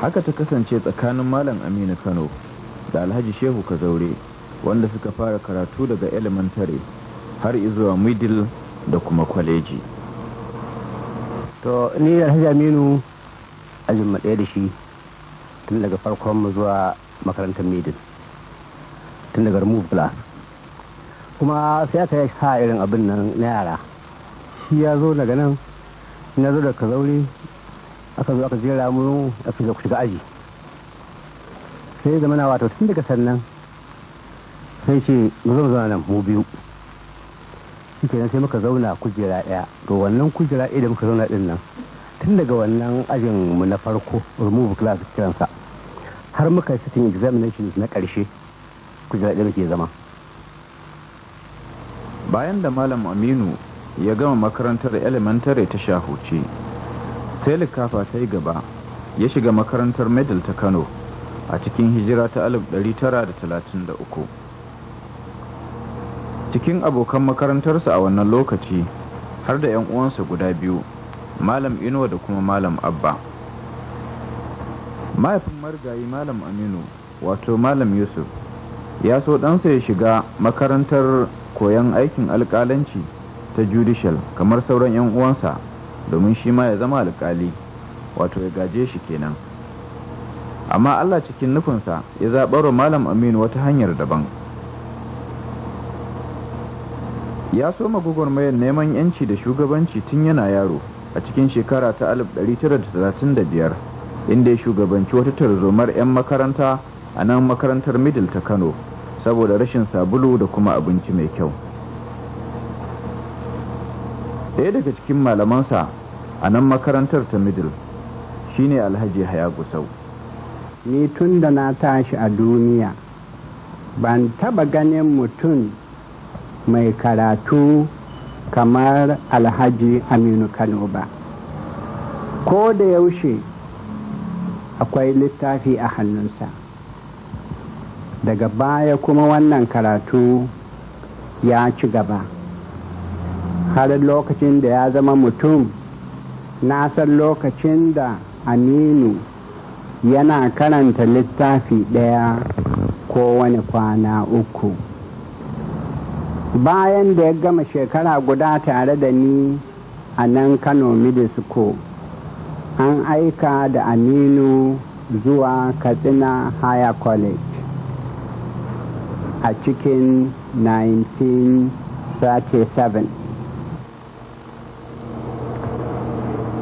haka ta kasance tsakanin malam aminu kano da alhaji shehu kazaure wanda suka fara karatu daga elementary har izuwa middle da kuma kwaleji to ni alhaji aminu ajin ɗaya da shi tun daga farkon mu zuwa makarantar middle tun daga remove class kuma sai aka yi sa irin abin nan na yara shi ya zo daga nan na zo da kazaure aka zo aka jera mu a zo ku shiga aji sai zama na wato tun daga sannan sai ce mu zo nan mu biyu shikenan sai muka zauna kujera ɗaya to wannan kujera ɗaya da muka zauna ɗin nan tun daga wannan ajin mu na farko remove class kiransa har muka yi sitting examinations na ƙarshe kujera ɗaya muke zama bayan da malam aminu ya gama makarantar elementary ta shahuce sai likafa ta yi gaba ya shiga makarantar medal ta kano a cikin hijira ta 1933 cikin abokan makarantarsa a wannan lokaci har da 'yan uwansa guda biyu malam inuwa da kuma malam abba mahaifin margayi malam aminu wato malam yusuf ya so ɗansa ya shiga makarantar koyon aikin alƙalanci ta judicial kamar sauran 'yan uwansa domin shi ma ya zama alƙali wato ya gaje shi kenan amma Allah cikin nufinsa ya zaɓar wa malam aminu wata hanyar daban ya so mayan neman yanci da shugabanci tun yana yaro a cikin shekara ta 1935 inda ya shugabanci wata tarzomar 'yan makaranta a nan makarantar middle ta kano saboda rashin sabulu da kuma abinci mai kyau ɗaya daga cikin malamansa a nan makarantar ta middle shine alhaji haya gusau ni tun da na tashi a duniya ban taba ganin mutum mai karatu kamar alhaji aminu kano ba ko da yaushe akwai littafi a hannunsa daga baya kuma wannan karatu ya ci gaba har lokacin da ya zama mutum na san lokacin da aminu yana karanta littafi ɗaya ko wani kwana uku bayan da ya gama shekara guda tare da ni a nan kano midisko an aika da aminu zuwa katsina higher college a cikin 1937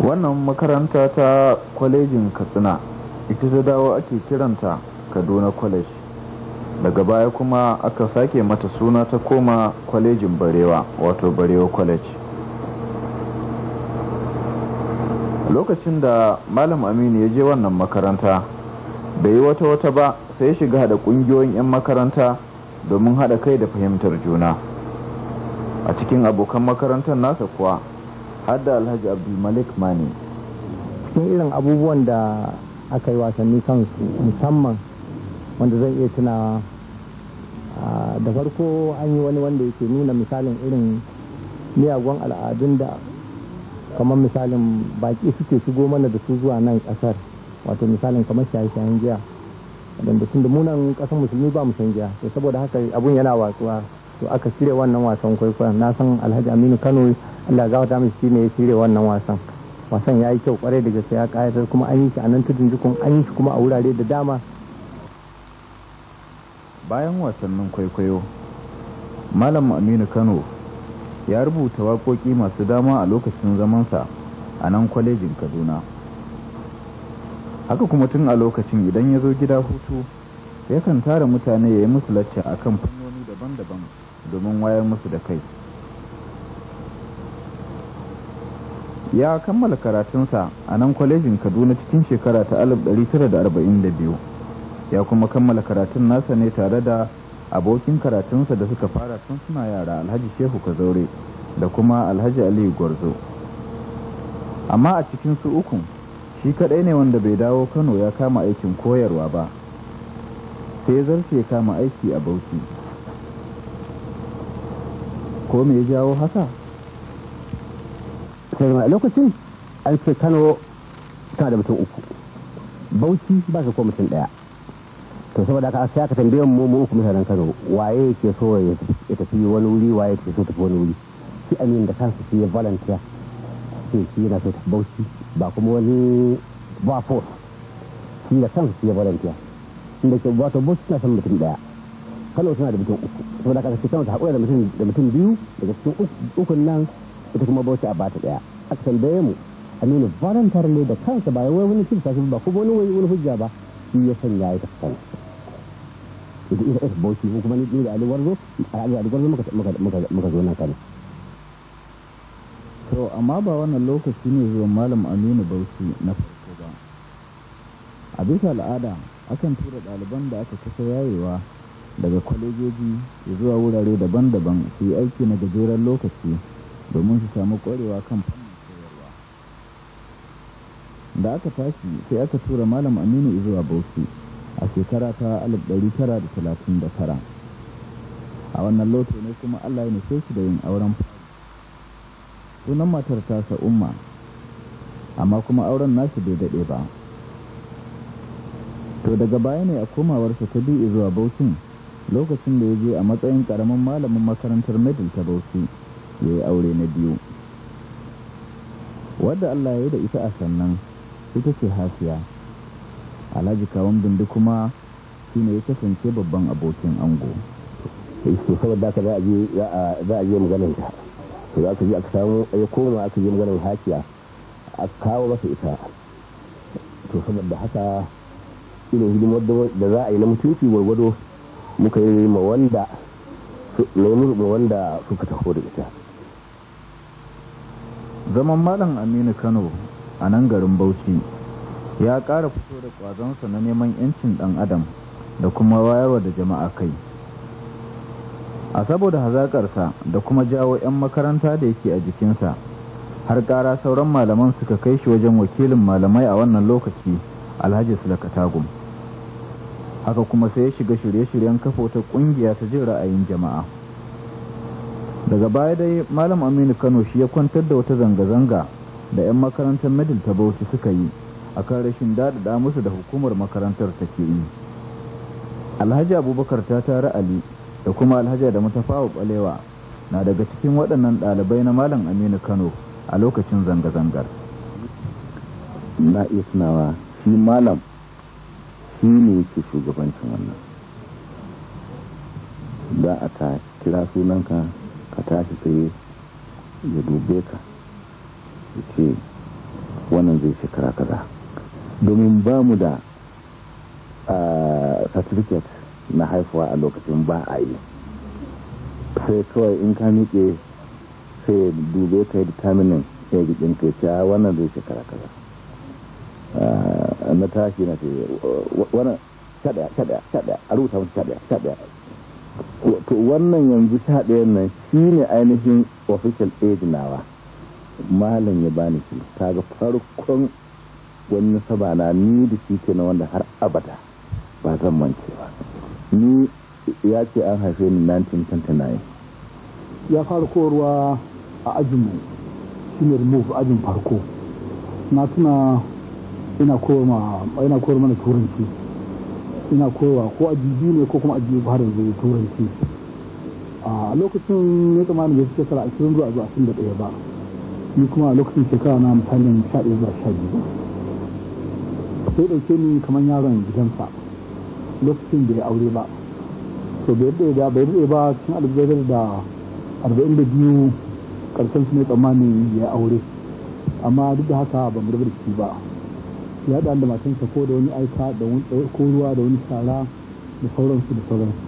wannan makaranta ta kwalejin katsina ita ta dawo ake kiranta kaduna kwalej daga baya kuma aka sake mata suna ta koma kwalejin barewa wato barewa college lokacin da malam aminu ya je wannan makaranta bai yi wata wata ba sai shiga hada kungiyoyin 'yan makaranta domin hada kai da fahimtar juna a cikin abokan makarantar nasa kuwa hadda alhaji abdulmalik mani cikin irin abubuwan da aka yi wasanni kansu musamman wanda zan iya tunawa da farko an yi wani wanda yake nuna misalin irin miyagun al'adun da kamar misalin baki suke shigo mana da su zuwa nan kasar wato misalin kamar shaye-shayen giya wadanda sun da munan kasar musulmi ba musan giya to saboda haka abun yana watsuwa to aka shirya wannan wasan kwaikwayon na san alhaji aminu kano Allah za ta mishi ne ya shirya wannan wasan wasan ya yi kyau kwarai da gaske ya kayatar kuma an yi shi a nan tudun jikun an yi shi kuma a wurare da dama bayan wasannin kwaikwayo malam aminu kano ya rubuta waƙoƙi masu dama a lokacin zamansa a nan kwalejin kaduna haka kuma tun a lokacin idan ya zo gida hutu yakan tara mutane ya yi musu lacca akan fannoni daban-daban domin wayar musu da kai ya kammala karatunsa a nan kwalejin kaduna cikin shekara ta 1942 ya kuma kammala karatun nasa ne tare da abokin karatunsa da suka fara tun suna yara alhaji shehu kazaure da kuma alhaji aliyu gwarzo amma a cikin su ukun shi kadai ne wanda bai dawo kano ya kama aikin koyarwa ba sai zarce kama aiki a bauchi ko me ya jawo haka suka zama a lokacin an ce kano tana da mutum uku bauchi ba su ko mutum daya to saboda haka sai aka tambaye mu mu uku mutanen kano waye ke so ya tafi wani wuri waye ke so tafi wani wuri shi amin da kansa shi ya volunteer shi shi yana so tafi bauchi ba kuma wani ba force shi da kansa shi ya volunteer inda ke wato bauchi na son mutum daya kano suna da mutum uku saboda aka sai kano ta haƙura da mutum biyu daga cikin ukun nan ita kuma bauchi a bata daya aka tambaye mu aminu ne da kansa ba wai wani cin tashi ba ko wani wani wani hujja ba shi ya sanya ya kasance ita ita ita bauchi ko kuma ni da zo alwarzo muka muka muka muka zo nan kano to amma ba wannan lokaci ne zuwa malam aminu bauchi na farko ba a bisa al'ada akan tura ɗaliban da aka kusa yayewa daga kwalejoji zuwa wurare daban-daban su yi aiki na gajeren lokaci domin su samu ƙwarewa kan fannin koyarwa da aka tashi sai aka tura malam aminu zuwa bauchi a shekara ta 1939 a wannan loto ne kuma allah ya nufe shi da yin auren sunan matar tasa umma amma kuma auren nasu bai daɗe ba to daga baya ne a komawarsa ta biyu zuwa bauchin lokacin da ya je a matsayin ƙaramin malamin makarantar medal ta bauchi ya yi aure na biyu wadda Allah ya yi da ita a sannan ita ce hafiya alhaji kawon bindi kuma shi ne ya kasance babban abokin ango su saboda ka za a je maganin ta to za ka ji aka samu ya koma aka je maganin hafiya a kawo masa ita to saboda haka irin hidimar da za a yi na mutunci gwargwado muka yi ma wanda suka taho da ita zaman malam aminu kano a nan garin bauchi ya kara fito da ƙwazonsa na neman 'yancin dan adam da kuma wayarwa da jama'a kai a saboda hazaƙarsa da kuma jawo 'yan makaranta da yake a jikinsa har kara sauran malaman suka kai shi wajen wakilin malamai a wannan lokaci alhaji sulakatagum haka kuma sai ya shiga shirye-shiryen kafa wata ƙungiya ta jin ra'ayin jama'a daga baya dai malam aminu kano shi ya kwantar da wata zanga-zanga da 'yan makarantar middle ta bauchi suka yi a kan rashin daɗaɗa musu da hukumar makarantar ta ke yi alhaji abubakar ta tara ali da kuma alhaji da matafawa balewa na daga cikin waɗannan ɗalibai na malam aminu kano a lokacin zanga-zangar na shi malam shi ne yake shugabancin wannan za a ta kira sunanka ka tashi tsaye ya dube ka ya ce wannan zai shekara kaza domin ba mu da certificate na haifuwa a lokacin ba a yi sai kawai in ka miƙe sai ya dube ka yi determinin ya jikin ka ce wannan zai shekara kaza na tashi na ce wannan shaɗaya shaɗaya shaɗaya a rubuta wani shaɗaya shaɗaya to wannan yanzu sha ɗayan nan shi ne ainihin official aid nawa malam ya bani shi kaga farkon wani sabana na ni da shi ke na wanda har abada ba zan mance ba ni ya ce an haife ni 1929 ya fara ruwa a ajinmu shi ne remove ajin farko na tuna ina kowar mana turanci ina koyawa ko a bibi ne ko kuma a biyu har yanzu turanci a lokacin ya tsamani ya fi a ashirin zuwa zuwa ashirin da ɗaya ba ni kuma a lokacin shekara na misalin sha ɗaya zuwa sha biyu sai ɗauke ni kamar yaron gidansa lokacin da ya aure ba to bai daɗe da bai daɗe ba cikin albaidar da arba'in da biyu ƙarshen su ne tsammanin ya aure amma duk da haka ban mu da ba ya haɗa da matan ko da wani aika da wani ko ruwa da wani shara da sauransu da sauransu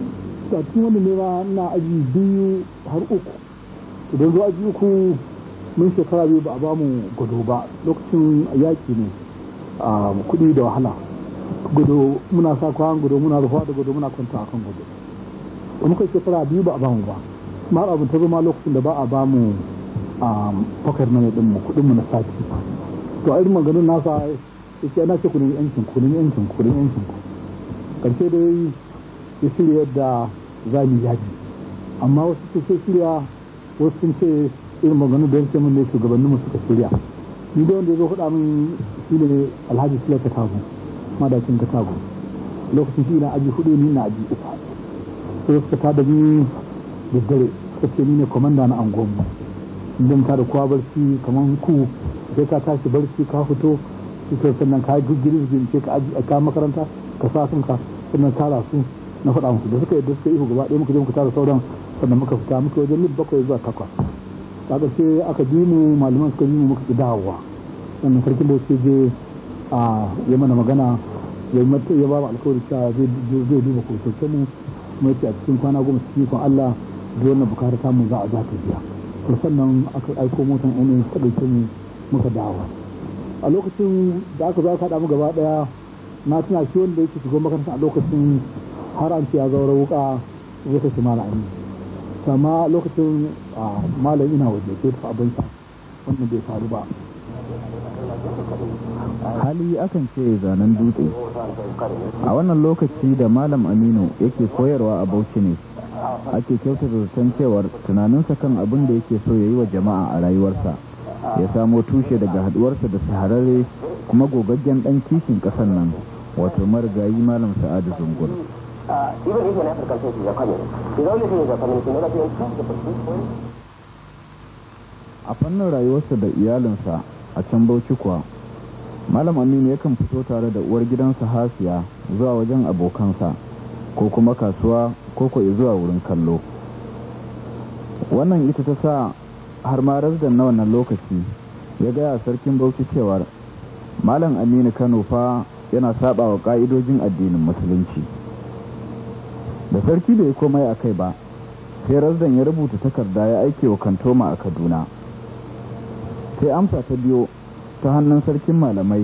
a cikin wani ne na aji biyu har uku idan zuwa aji uku mun shekara biyu ba a ba mu gado ba lokacin yaƙi ne a kuɗi da wahala gado muna sa kwan gado muna rufuwa da gado muna kwanta a kan gado kuma kai shekara biyu ba a ba mu ba ma abin ta zama lokacin da ba a ba mu a fakar na ɗinmu kuɗinmu na sati to a irin maganin nasa yake ana ce kunin yancin kunin yancin kunin yancin karshe dai ya shirya yadda za mu yaji amma wasu su ce shirya wasu sun ce irin maganu da yanke mun ne shugabanninmu suka shirya ni da wanda ya zo faɗa min shi ne alhaji sila katago madacin katago lokacin shi na aji hudu ni na aji uku sai suka tada ni da dare suka ce ni ne komanda na angon idan ta da kowa barci kamar ku sai ka tashi barci ka fito suka sannan ka girgirce ka ka makaranta ka sa sun ka sannan tara su na faɗa musu da suka da suka ihu gaba ɗaya muka je muka tara sauran sannan muka fita muka wajen mil bakwai zuwa takwas kaga sai aka bi mu malaman suka bi mu muka dawowa sannan sarkin da suke je a ya mana magana ya ya ba mu alƙawari cewa zai duba sauke mu kuma yace a cikin kwana goma cikin ikon Allah da wannan bukatar mu za a za ta biya sannan aka aiko motan ne ta mu muka dawo a lokacin da aka zo aka mu gaba ɗaya na tuna shi wanda yake shigo makaranta a lokacin har an ya zaura wuka zai kashe malami kama lokacin malami na waje ke tafi abinci wannan bai faru ba hali akan ce zanen dutse a wannan lokaci da malam aminu yake koyarwa a bauchi ne ake kyautata zartan cewar tunaninsa kan abin da yake so ya yi wa jama'a a rayuwarsa ya samo tushe daga haduwarsa da sahararre kuma gogaggen dan kishin kasan nan wato marigayi malam sa'adu zungul. a fannin rayuwarsa da iyalinsa a can bauchi kuwa malam aminu yakan fito tare da uwar gidansa hasiya zuwa wajen abokansa ko kuma kasuwa ko ko zuwa wurin kallo wannan ita ta sa har ma rasdan na wannan lokaci ya gaya sarkin bauchi cewar malam aminu kano fa yana saba wa ka'idojin addinin musulunci da sarki bai komai a kai ba sai rasdan ya rubuta takarda ya aike wa kantoma a kaduna sai amsa ta biyo ta hannun sarkin malamai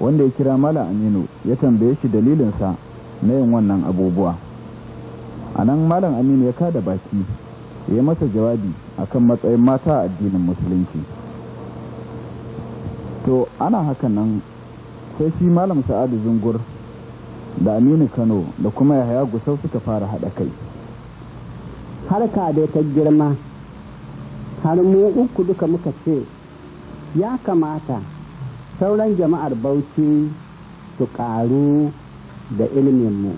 wanda ya kira malam aminu ya tambaye shi dalilinsa na yin wannan abubuwa a nan malam aminu ya kada baki ya masa jawabi akan matsayin mata a addinin musulunci to ana hakan nan sai shi malam sa'adu zungur da aminu kano da kuma yahaya gusau suka fara haɗa kai harka da ta girma har mu uku duka muka ce ya kamata sauran jama'ar bauchi su ƙaru da ilminmu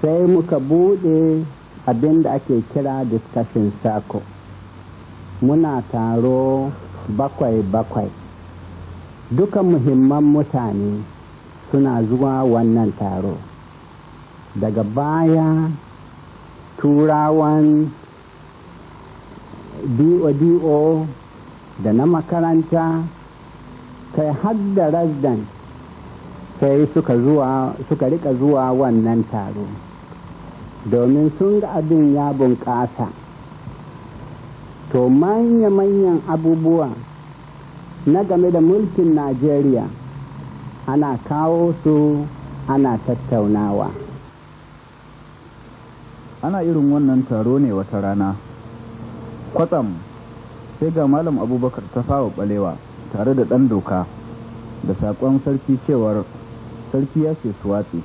sai muka buɗe abin da ake kira discussion circle muna taro bakwai-bakwai duka muhimman mutane suna zuwa wannan taro daga baya turawan do da na makaranta kai har da rasdan sai suka rika zuwa wannan taro domin sun ga abin ya bunƙasa to manya-manyan abubuwa na game da mulkin najeriya ana kawo su ana tattaunawa ana irin wannan taro ne wata rana kwatsam sai ga malam abubakar ta fawa balewa tare da ɗan doka da saƙon sarki cewar sarki ya ce suwatsi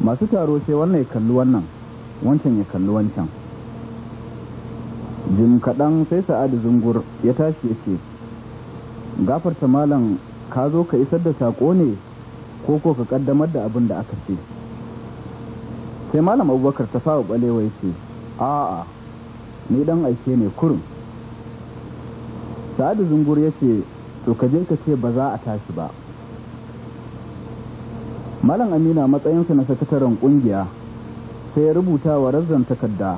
masu taro sai wannan ya kalli wannan wancan ya kalli wancan jim kaɗan sai sa'adu zungur ya tashi ya ce gafarta malam ka zo ka isar da saƙo ne ko ko ka ƙaddamar da abin da aka ce sai malam abubakar ta fawa ɓalewa ya ce a'a ni ɗan aike ne kurin sa'adu zungur ya ce to ka je ka ce ba za a tashi ba malam amina matsayinsa na sakataren kungiya sai ya rubuta wa razzan takarda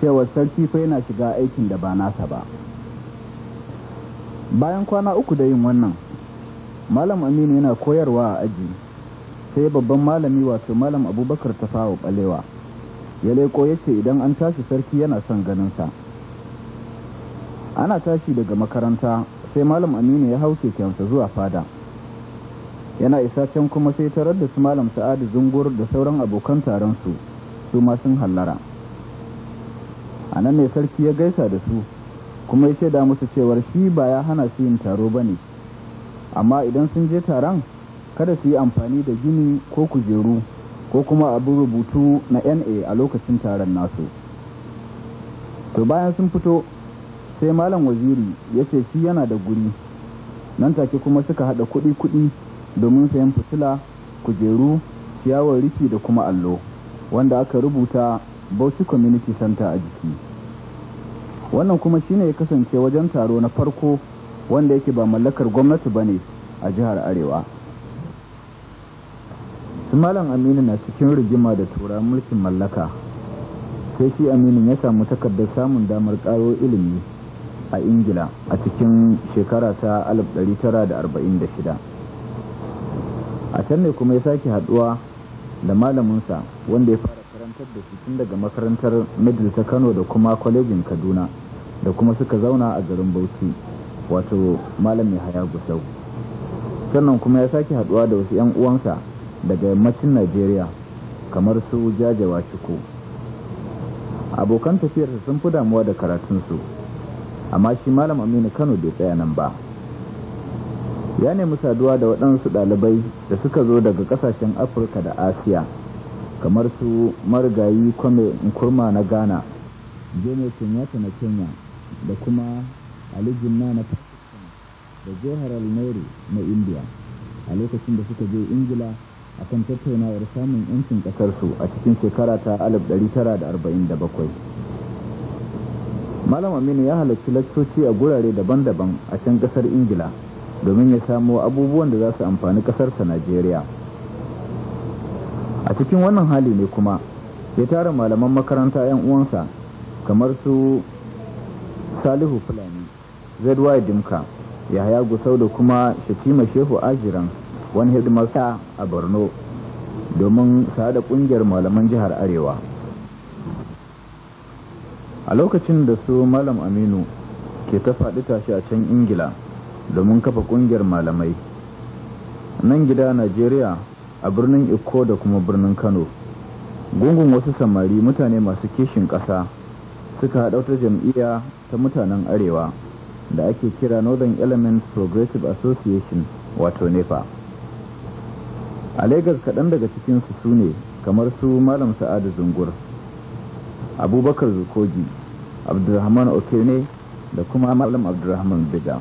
cewa sarki fa yana shiga aikin da ba nasa ba bayan kwana uku da yin wannan malam aminu yana koyarwa a aji sai babban malami wato malam abubakar ta fawo balewa ya leko ya ce idan an tashi sarki yana son ganinsa ana tashi daga makaranta sai malam aminu ya hau kekensa zuwa fada yana isa can kuma sai tarar da su malam sa'adu zungur da sauran abokan taron su su ma sun hallara a nan ne sarki ya gaisa da su kuma ya da musu cewar shi ba ya hana su yin taro ba ne amma idan sun je taron kada su yi amfani da gini ko kujeru ko kuma abin rubutu na na a lokacin taron nasu to bayan sun fito sai malam waziri ya ce shi yana da guri nan take kuma suka haɗa kuɗi-kuɗi domin sayan fitila kujeru ciyawar rufi da kuma allo wanda aka rubuta bauchi community center a jiki wannan kuma shine ya kasance wajen taro na farko wanda yake ba mallakar gwamnati ba ne a jihar arewa su malam aminu na cikin rigima da tura mulkin mallaka sai shi aminu ya samu takardar samun damar karo ilimi a ingila a cikin shekara ta 1946 a can ne kuma ya sake haduwa da malaminsa wanda ya fara karantar da shi tun daga makarantar middle ta kano da kuma kwalejin kaduna da kuma suka zauna a garin bauchi wato malam yahaya gusau sannan kuma ya sake haduwa da wasu 'yan uwansa daga yammacin nigeria kamar su jajawa ciko abokan tafiyarsa sun fi damuwa da karatunsu amma shi malam aminu kano bai tsaya nan ba ya nemi saduwa da waɗansu ɗalibai da suka zo daga ƙasashen afirka da asiya kamar su marigayi kwame nkurma na ghana jene kenyatta na kenya da kuma alijinna na pakistan da jihar nehru na india a lokacin da suka je ingila a kan tattaunawar samun yancin ƙasarsu a cikin shekara ta 1947 malam aminu ya halarci lakcoci a gurare daban-daban a can ƙasar ingila domin ya samo abubuwan da za su amfani ƙasarsa najeriya a cikin wannan hali ne kuma ya tara malaman makaranta 'yan uwansa kamar su salihu fulani zy dimka yahaya gusau da kuma shatima shehu ajiran wani hidimasta a borno domin sa da kungiyar malaman jihar arewa a lokacin da su malam aminu ke ta faɗi tashi a can ingila domin kafa kungiyar malamai nan gida najeriya a birnin iko da kuma birnin kano gungun wasu samari mutane masu kishin ƙasa suka haɗauta jam'iyya ta mutanen arewa da ake kira northern element progressive association wato nepa a lagos kaɗan daga cikinsu su sune kamar su malam sa'adu zungur abubakar zukogi abdulrahman okene da kuma malam abdulrahman bida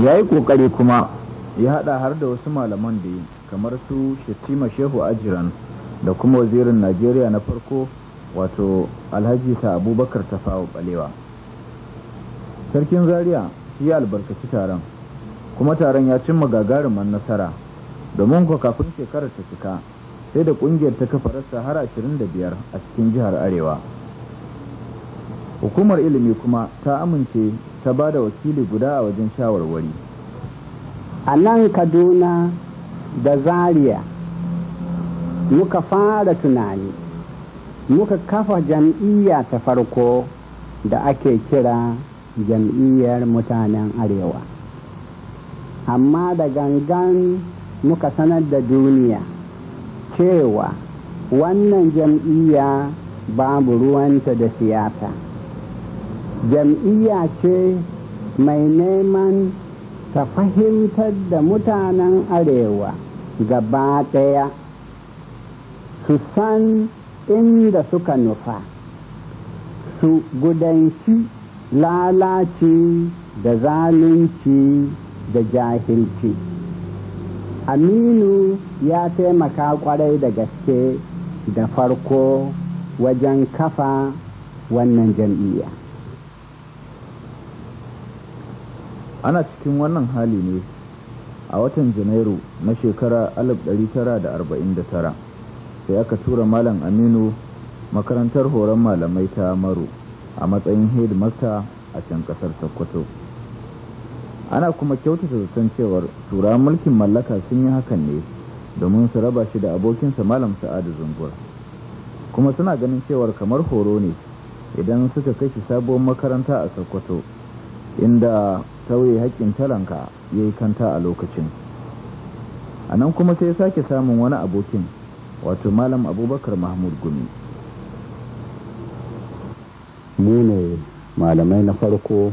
ya yi kokari kuma ya hada har da wasu malaman da yi kamar su shittima shehu ajiran da kuma wazirin najeriya na farko wato alhaji ta abubakar fawo balewa sarkin zaria shi ya albarkaci taron kuma taron ya cimma gagarumin nasara domin kwa kafin shekarar ta cika sai da kungiyar ta kafa rasa har 25 a cikin jihar arewa hukumar ilimi kuma ta amince ta ba da wakili guda a wajen shawarwari a nan kaduna da zaria muka fara tunani muka kafa jam'iyya ta farko da ake kira jam'iyyar mutanen arewa amma da gangan muka sanar da duniya cewa wannan jam'iyya babu ruwanta da siyasa jam'iyya ce mai neman ta fahimtar da mutanen arewa gaba ɗaya su san inda suka nufa su gudanci lalaci da zalunci da jahilci aminu ya taimaka kwarai da gaske da farko wajen kafa wannan jam'iyya ana cikin wannan hali ne a watan janairu na shekara 1949 sai aka tura malam aminu makarantar horon malamai ta maro a matsayin headmaster a can kasar sokoto ana kuma kyautata zaton cewar tura mulkin mallaka sun yi hakan ne domin su raba shi da abokinsa malam sa'adu zungur kuma suna ganin cewar kamar horo ne idan suka kashi sabuwar makaranta a sokoto inda sauye haƙƙin talanka ya yi kanta a lokacin a nan kuma sai sake samun wani abokin wato malam abubakar mahmud gumi mu ne malamai na farko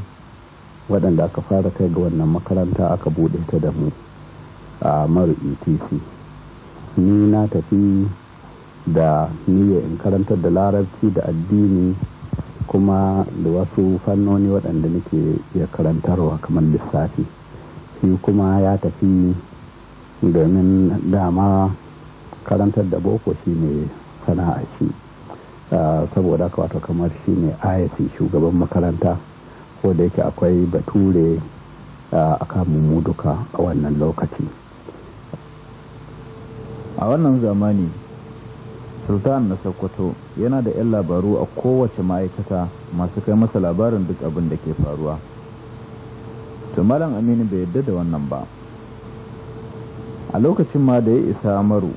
waɗanda aka fara kai ga wannan makaranta aka buɗe ta da mu a maru etc ni na tafi da niyyar in karantar da larabci da addini kuma da wasu fannoni waɗanda nake iya karantarwa kamar lissafi shi kuma ya tafi domin dama karantar da boko shi ne sana'a shi ah, saboda haka wato kamar shi ne ayati e, shugaban makaranta ko da yake akwai bature ah, a kamun duka a wannan lokaci a wannan zamani sultan na sokoto yana da 'yan labaru a kowace ma'aikata masu kai masa labarin duk abin da ke faruwa malam aminu bai yadda da wannan ba a lokacin ma da ya isa maru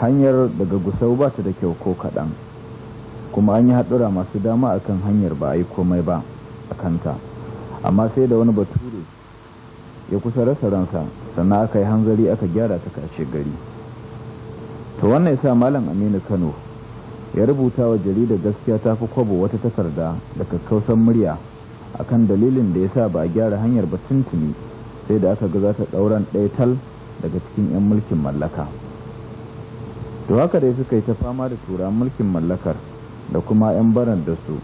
hanyar daga gusau ba ta da kyau ko kaɗan kuma an yi haɗura masu dama akan hanyar ba a yi komai ba a kanta amma sai da wani bature ya kusa rasa ransa sannan aka yi hanzari aka gyara ta kashe gari to wannan ya sa malam aminu kano ya rubuta wa jaridar gaskiya ta fi kwabo wata takarda da kakkausan murya akan dalilin da ya sa ba a gyara hanyar ba tuntuni sai da aka ga za ta ɗauran ɗaya tal daga cikin 'yan mulkin mallaka to haka dai suka yi ta fama da tura mulkin mallakar da kuma 'yan baran da su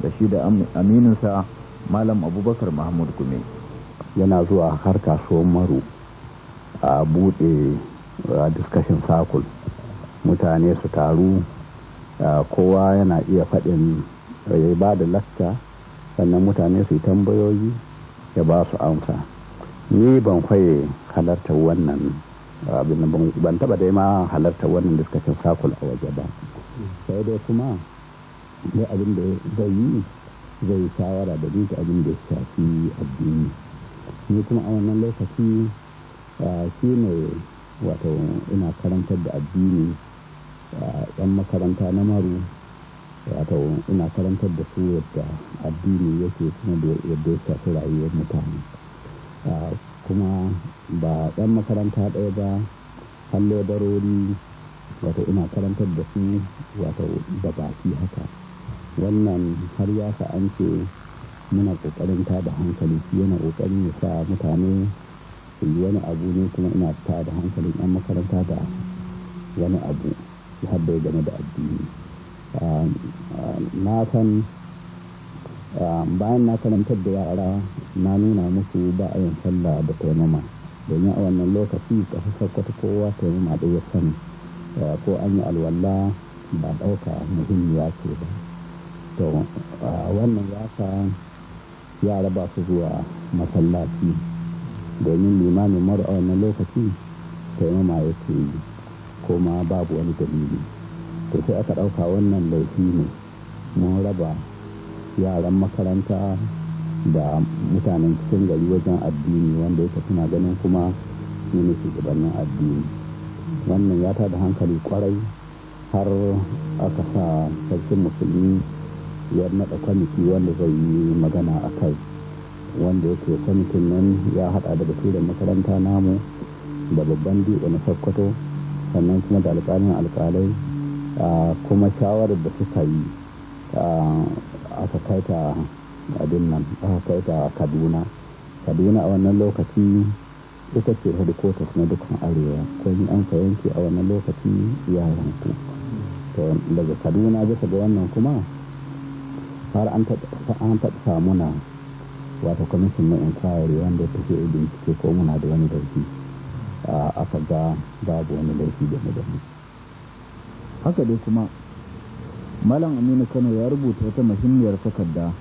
da shi da amininsa malam abubakar mahmud gume yana zuwa har kasuwan maru a buɗe discussion circle mutane su taru Ah, kowa yana iya faɗin ya eh, ba da lakta sannan mutane su yi tambayoyi ya ba su amsa ni ban kwaye halarta wannan ah, ban taba dai ma halarta wannan discussion sakul a waje ba sai dai kuma da abin da zai yi zai shawara da duka abin da shafi addini ni kuma a wannan lokaci ah, shi ne wato ina karantar da addini yan makaranta na maru wato ina karantar da su yadda addini yake kuma da yadda ya shafi rayuwar mutane kuma ba ɗan makaranta ɗaya ba har lebarori wato ina karantar da su wato da baki haka wannan har ya sa an ce muna ƙoƙarin ta da hankali shi yana ƙoƙarin ya sa mutane su yi wani abu ne kuma ina ta da hankalin yan makaranta da wani abu ya haddai game da addini ah, ah, na san ah, bayan na karantar da yara na nuna musu ba a yin sallah da taimama domin a wannan lokaci kasar sakwata kowa taimama da ya sani ko an yi alwala ba ɗauka muhimmiya ce ba to wannan ya sa yara ba su zuwa masallaci domin limanin mara a wannan lokaci taimama yake yi Koma babu wani dalili to sai aka ɗauka wannan laifi ne mun raba yaran makaranta da mutanen cikin gari wajen addini wanda yake suna ganin kuma su ne shugabannin addini wannan ya tada hankali kwarai har aka sa sarkin musulmi ya naɗa kwamiti wanda zai yi magana a kai wanda yake kwamitin nan ya haɗa da basirin makaranta namu da babban dutse na sokoto sannan kuma da alƙalin alƙalai kuma shawarar da suka yi aka kai ta abin nan aka kai ta kaduna kaduna a wannan lokaci ita ce headquarters na dukkan arewa ko ni an a wannan lokaci ya yanku to daga kaduna bisa ga wannan kuma har an taɓa samuna wata kwamishin na inquiry wanda take bincike ko muna da wani dauki aka ga babu wani laifi game da mu haka dai kuma malam aminu kano ya rubuta wata muhimmiyar takarda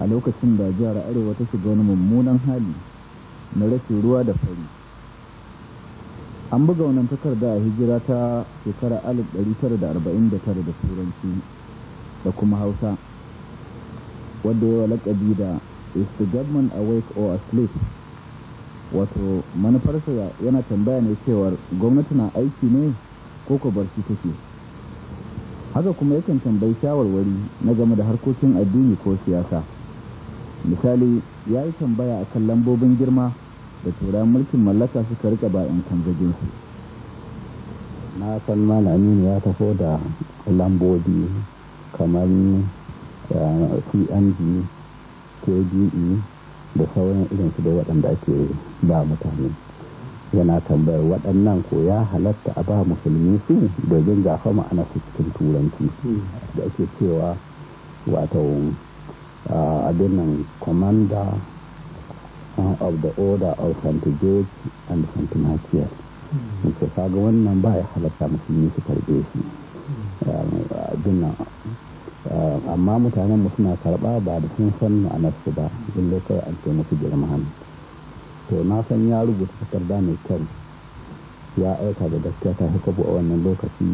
a lokacin da jihar arewa ta shiga wani mummunan hali na rashin ruwa da fari an buga wannan takarda a hijira ta shekara 1949 da turanci da kuma hausa wadda yawa lakabi da is the government awake or asleep wato manufarsa yana tambaya ne cewar gwamnati na aiki ne ko ko barci take haka kuma yakan tambayi shawarwari na game da harkokin addini ko siyasa misali ya yi tambaya a kan lambobin girma da turan mulkin mallaka suka rika bayan kanzagin su na san malami ya taho da lambobi kamar cng eh, kde da sauran irin su da waɗanda ake ba mutane yana tambayar waɗannan ko ya halatta a ba musulmi su domin gafa ma'ana su cikin turanci da ake cewa wato abin nan commander of the order of st george and st martial muke kaga wannan ba ya halatta musulmi su karbe shi abin Eh, amma mutanen mu suna karɓa ba da sun san ma'anarsu ba in lokacin an ce musu girma hannu to na san ya rubuta takarda mai kyau ya aika da gaskiya ta hikwabo a wannan lokaci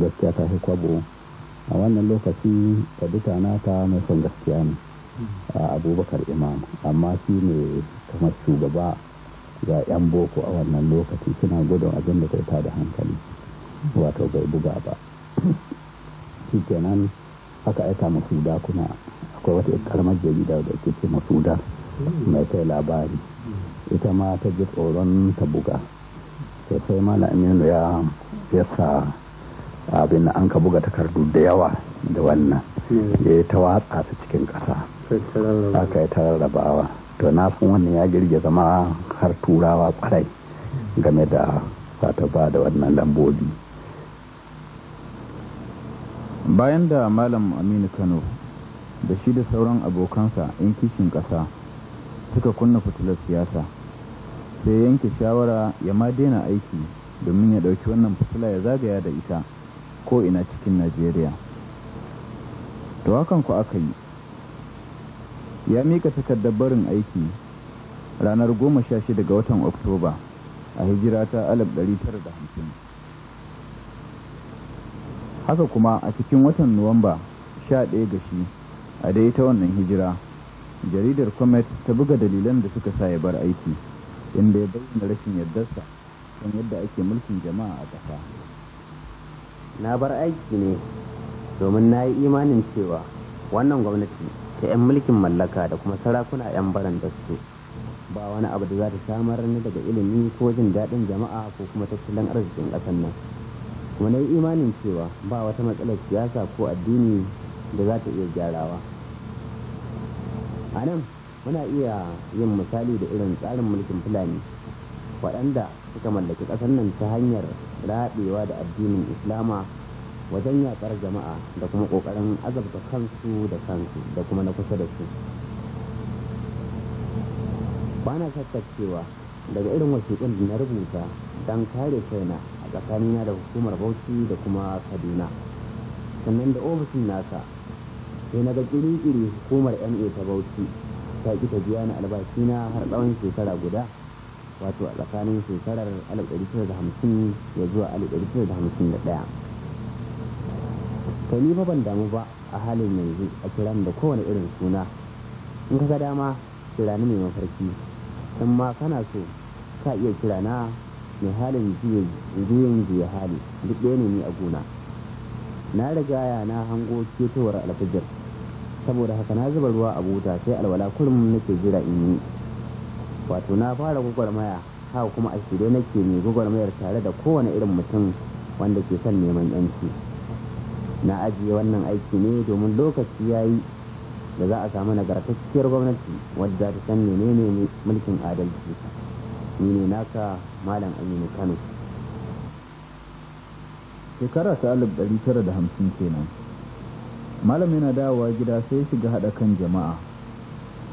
gaskiya ta hikwabo a wannan lokaci duka na ta mai son gaskiya ne a abubakar imam amma shi ne kamar shugaba ga 'yan boko a wannan lokaci suna gudun abin da kai ta da hankali wato bai buga ba shi aka aika masuda suda akwai wata karamar jarida da ke ce mu suda mai kai labari ita ma ta ji tsoron ta buga sosai malamin aminu ya fesa abin an ka buga takardu da yawa da wannan ya yi ta watsa su cikin ƙasa aka yi ta rarrabawa to na san wannan ya girge zama har turawa kwarai game da fata ba da wannan lambobi bayan da malam aminu kano da shi da sauran abokansa in kishin kasa suka kunna fitilar siyasa sai yanke shawara ya ma daina aiki domin ya dauki wannan fitila ya zagaya da ita ko ina cikin najeriya to hakan ku aka yi ya mika takardar barin aiki ranar goma sha 16 ga watan oktoba a hijira ta hamsin. haka kuma a cikin watan nuwamba 11 ga shi a dai ta wannan hijira jaridar comet ta buga dalilan da suka sa ya bar aiki inda ya bayyana rashin yardarsa kan yadda ake mulkin jama'a a ƙasa na bar aiki ne domin na yi imanin cewa wannan gwamnati ta 'yan mulkin mallaka da kuma sarakuna 'yan baran da su ba wani abu da za ta samar ni daga ilimi ko jin daɗin jama'a ko kuma tattalin arzikin ƙasar nan kuma na yi imanin cewa ba wata matsalar siyasa ko addini da za ta iya gyarawa a nan muna iya yin misali da irin tsarin mulkin fulani waɗanda suka mallaki ƙasar nan ta hanyar raɗewa da addinin islama wajen yaƙar jama'a da kuma ƙoƙarin azabta kansu da kansu da kuma na kusa da su ba na cewa daga irin wasiƙin da na rubuta don kare kaina tsakanina da hukumar bauchi da kuma kaduna sannan da ofishin nasa sai na ga kiri-kiri hukumar na ta bauchi ta ki ta biya ni albashina har tsawon shekara guda wato a tsakanin shekarar 1950 ya zuwa 1951 to ni fa ban damu ba a halin yanzu a kiran da kowane irin suna in ka ga dama kira ni mai mafarki in ma kana so ka iya kira na mai halin juyin juya hali duk ɗaya ne ni a gona na riga ya na hango ketowar alfijir saboda haka na zuba ruwa a buta sai alwala kullum nake jira in yi wato na fara gwagwarmaya haka kuma a shirye nake mai gwagwarmayar tare da kowane irin mutum wanda ke son neman yanci na ajiye wannan aiki ne domin lokaci ya yi da za a samu nagartacciyar gwamnati wadda ta san menene mulkin adalci ni ne naka malam aminu kano shekara ta alif ɗari tara da hamsin kenan malam yana dawowa gida sai shiga haɗa kan jama'a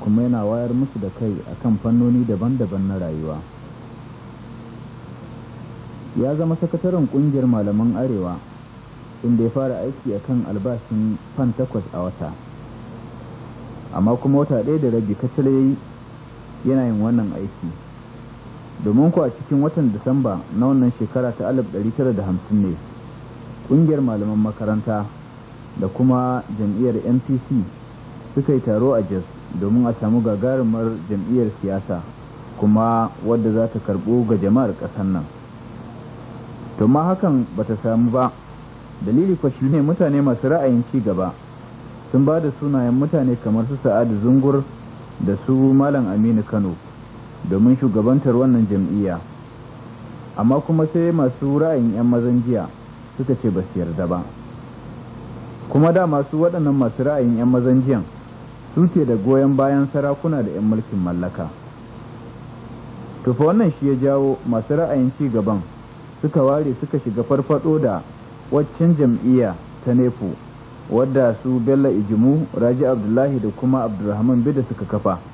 kuma yana wayar musu da kai a kan fannoni daban-daban na rayuwa ya zama sakataren ƙungiyar malaman arewa inda ya fara aiki a kan albashin fan takwas a wata amma kuma wata ɗaya da rabi kacal yana yin wannan aiki domin ku a cikin watan disamba na wannan shekara ta alif tara da hamsin ne ƙungiyar malaman makaranta da kuma jam'iyyar mpc suka yi taro a jas domin a samu gagarumar jam'iyyar siyasa kuma wadda za ta karɓo ga jama'ar ƙasar nan to ma hakan ba ta samu ba dalili kwa ne mutane masu ra'ayin ci gaba sun ba da sunayen mutane kamar su sa'adu zungur da su malam aminu kano domin shugabantar wannan jam'iyya amma kuma sai masu ra'ayin 'yan mazan jiya suka ce ba su yarda ba kuma da masu waɗannan masu ra'ayin 'yan mazan jiyan su ke da goyon bayan sarakuna da 'yan mulkin mallaka tufa wannan shi ya jawo masu ra'ayin ci gaban suka ware suka shiga farfado da waccan jam'iyya ta nepo wadda su bello ijimu raji abdullahi da kuma abdulrahman bida suka kafa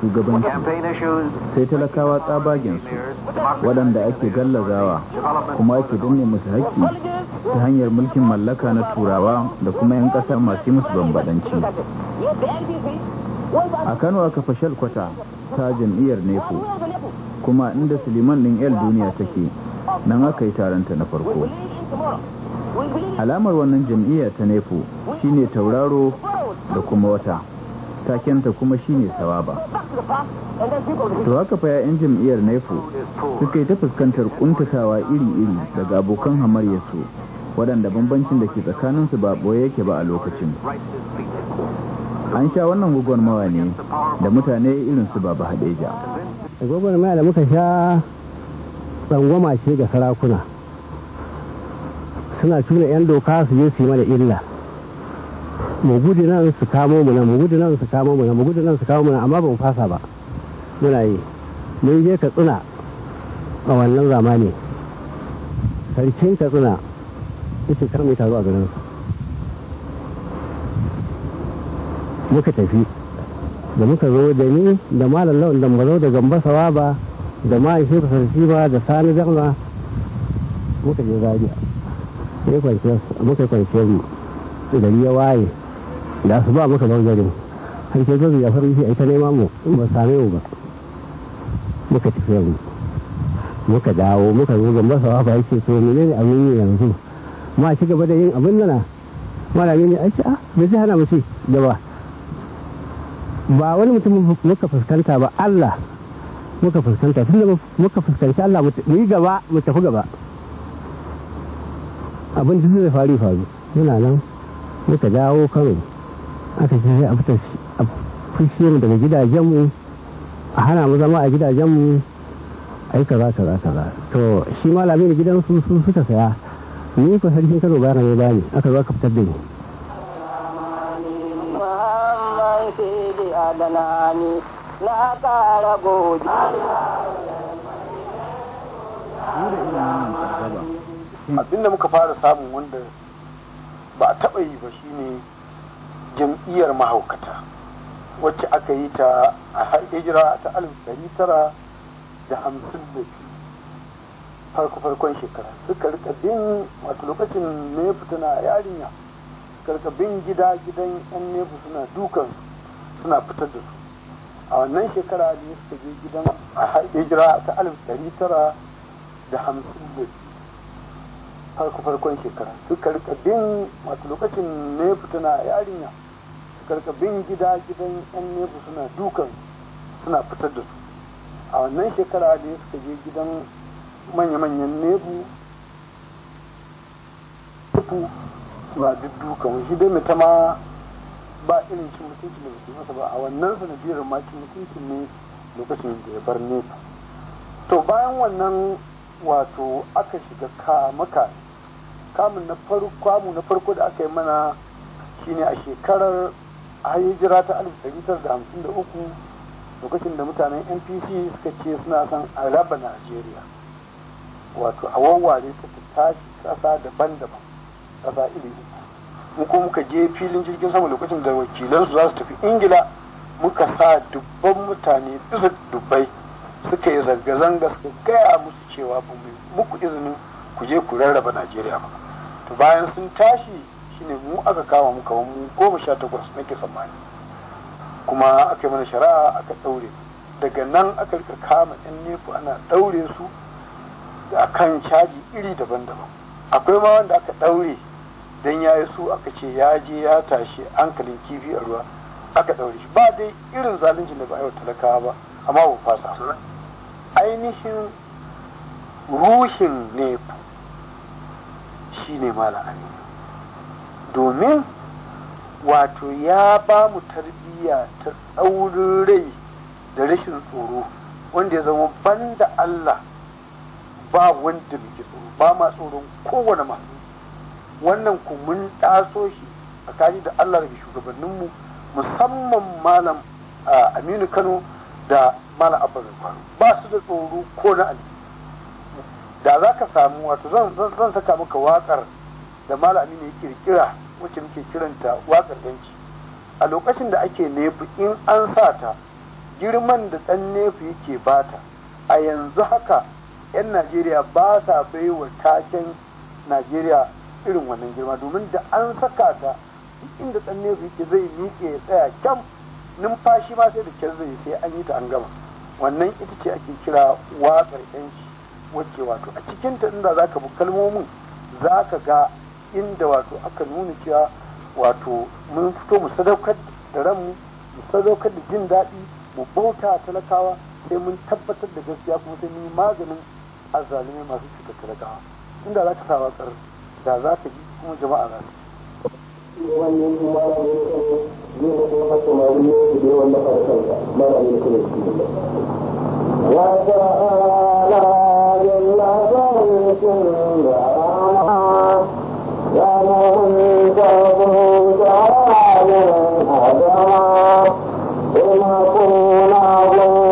shugaban shugabanci sai talakawa tsabaginsu waɗanda ake gallazawa kuma ake danne musu haƙƙi ta hanyar mulkin mallaka na turawa da kuma 'yan ƙasa masu musu bambadanci a kano aka fashal kwata ta jam'iyyar nepo kuma inda suleiman ɗin el duniya take nan aka yi taronta na farko alamar wannan jam'iyya ta nepo shine tauraro da kuma wata takenta kuma shine sawaba to haka fa yayan jam'iyyar naifo suka yi ta fuskantar kuntatawa iri-iri daga abokan hamaryarsu waɗanda bambancin da ke tsakaninsu ba ɓoye yake ba a lokacin an sha wannan gwagwarmawa ne da mutane irin su baba hadeja mawa da muka sha tsangwama ce ga sarakuna suna tuna 'yan doka su yi su yi mana illa mu gudu nan su kamo mu nan mu gudu nan su kamo mu nan mu gudu nan su kamo mu nan amma ba mu fasa ba muna yi mun je ka tsuna a wannan zamani sarkin ka tsuna ita kar mu taro a garin su muka tafi da muka zo da ni da malam lawan da mazo da gambasawa ba da ma ishe sarki ba da sani zama muka je zaria sai kwanciyar muka kwanciyar mu idan ya waye da ba muka bar garin har sai gwamnati ya farin a ita nema mu ba same mu ba muka tafi yau muka dawo muka zo ga masa ba yake to mene ne abin yi yanzu ma ci gaba da yin abin nana ah. malami ne ai a ah, me zai hana mace da ba ba wani mutum muka fuskanta ba Allah muka fuskanta tunda muka fuskanta Allah mu yi gaba mu tafi gaba abin da zai faru faru yana nan muka dawo kawai aka shi zai a fushi daga gidajenmu a hana mu zama a gidajenmu a yi kaza kaza kaza to shi malami da gidan su suka saya ni ko sarkin kano bara ne bani aka zo ka fitar da ni abinda muka fara samun wanda ba a taɓa yi ba shi ne. jam'iyyar mahaukata wacce aka yi ta a hijira ta alif dari tara da hamsin da biyu farko farkon shekara suka rika bin wato lokacin ne fituna yarinya suka rika bin gida gidan yan nefu suna dukan suna fitar da su a wannan shekara ne suka je gidan a hijira ta alif dari tara da hamsin da biyu farko farkon shekara suka rika bin wato lokacin ne fituna yarinya karkabin gida gidan yan nebu suna dukan suna fitar da su a wannan shekara da suka je gidan manya-manyan nebu tupu suna duk dukan shi dai mai ta ma ba irin cin mutuncin da su masa ba a wannan sanadiyar ma cin mutuncin ne lokacin da ya bar nebu to bayan wannan wato aka shiga maka kamun na farko da aka yi mana shine a shekarar a hijira ta 1953 lokacin da mutanen npc suka ce suna son a raba najeriya wato a wawware ta tashi kasa daban-daban kasa iri in kuma muka je filin jirgin sama lokacin da wakilansu za su tafi ingila muka sa dubban mutane bisa dubbai suka yi zanga-zanga suka gaya musu cewa ba muku izinin ku je ku rarraba najeriya ba to bayan sun tashi ne mu aka kama muka kamar mu goma sha takwas nake tsammani kuma aka yi mana shari'a aka ɗaure daga nan aka rika kama yan nefu ana ɗaure su a kan caji iri daban-daban akwai ma wanda aka ɗaure don ya yi su aka ce ya je ya tashi hankalin kifi a ruwa aka ɗaure shi ba dai irin zalunci da ba a yi wa talakawa ba amma ba fasa ainihin ruhin nefu shi ne ma la'ani domin wato ya ba mu tarbiyya ta tsaurin rai da rashin tsoro wanda ya zama banda Allah ba wanda muke tsoro ba ma tsoron kowane masu wannan ku mun taso shi tsakani da Allah da shugabanninmu musamman malam Aminu Kano da malam Abba Kwano ba su da tsoro ko na da za ka samu wato zan saka maka watsar da malami ne ya kirkira wacce muke kiranta wakar danci a lokacin da ake nefi in an sa ta girman da ɗan nefi yake bata a yanzu haka 'yan najeriya ba sa baiwa taken najeriya irin wannan girma domin da an saka ta inda ɗan nefi yake zai miƙe ya tsaya kyan numfashi ma sai da kyan zai sai an yi ta an gama wannan ita ce ake kira wakar danci wacce wato a cikinta inda za ka bi kalmomin za ka ga inda wato aka nuna cewa wato mun fito mu sadaukar da ranmu mu sadaukar da jin daɗi mu bauta talakawa sai mun tabbatar da gaskiya kuma sai mun yi maganin azzalumai masu cutar talakawa inda za ka sa watsar da za ka yi kuma jama'a za ta ji. wannan kuma ne ne ne hasa ma wani ne da yawan da fara kanka ma da ne kuma su wa ta'ala lillahi Oh, my God.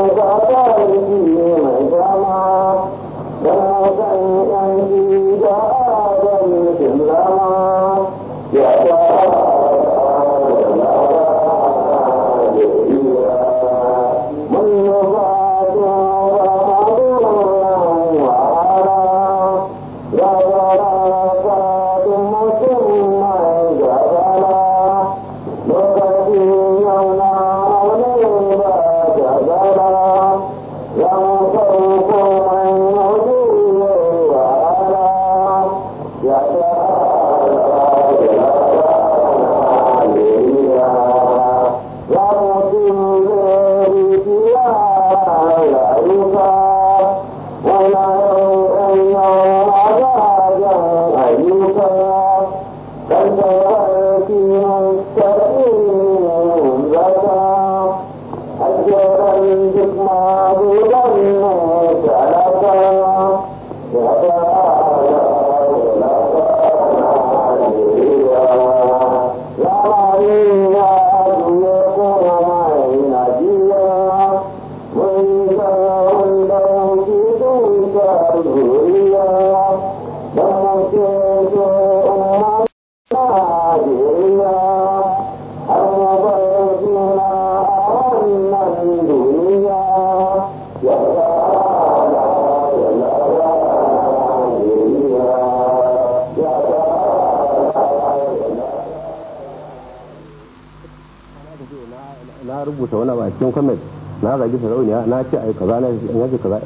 na ce ai kaza na ce kaza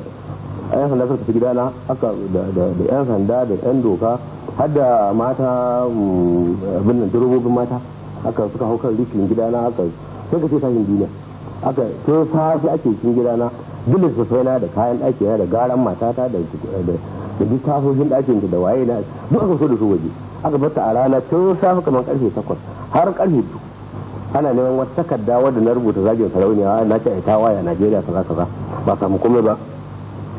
yan sanda suka tafi gidana haka da yan sanda da yan doka har da mata mm, abin nan durobobin mata haka suka hau kan rikin gidana haka sai ka ce tashin duniya haka to safi ake cikin gidana dole su sai na da kayan ɗaki na da garan matata da da duk tafofin ɗakin da waye na duk aka so da su waje aka bata a rana tun safi kamar karfe takwas har karfe ana neman wata takarda wadda na rubuta zagin sarauniya na ce ai tawaye a najeriya kaza kaza ba samu komai ba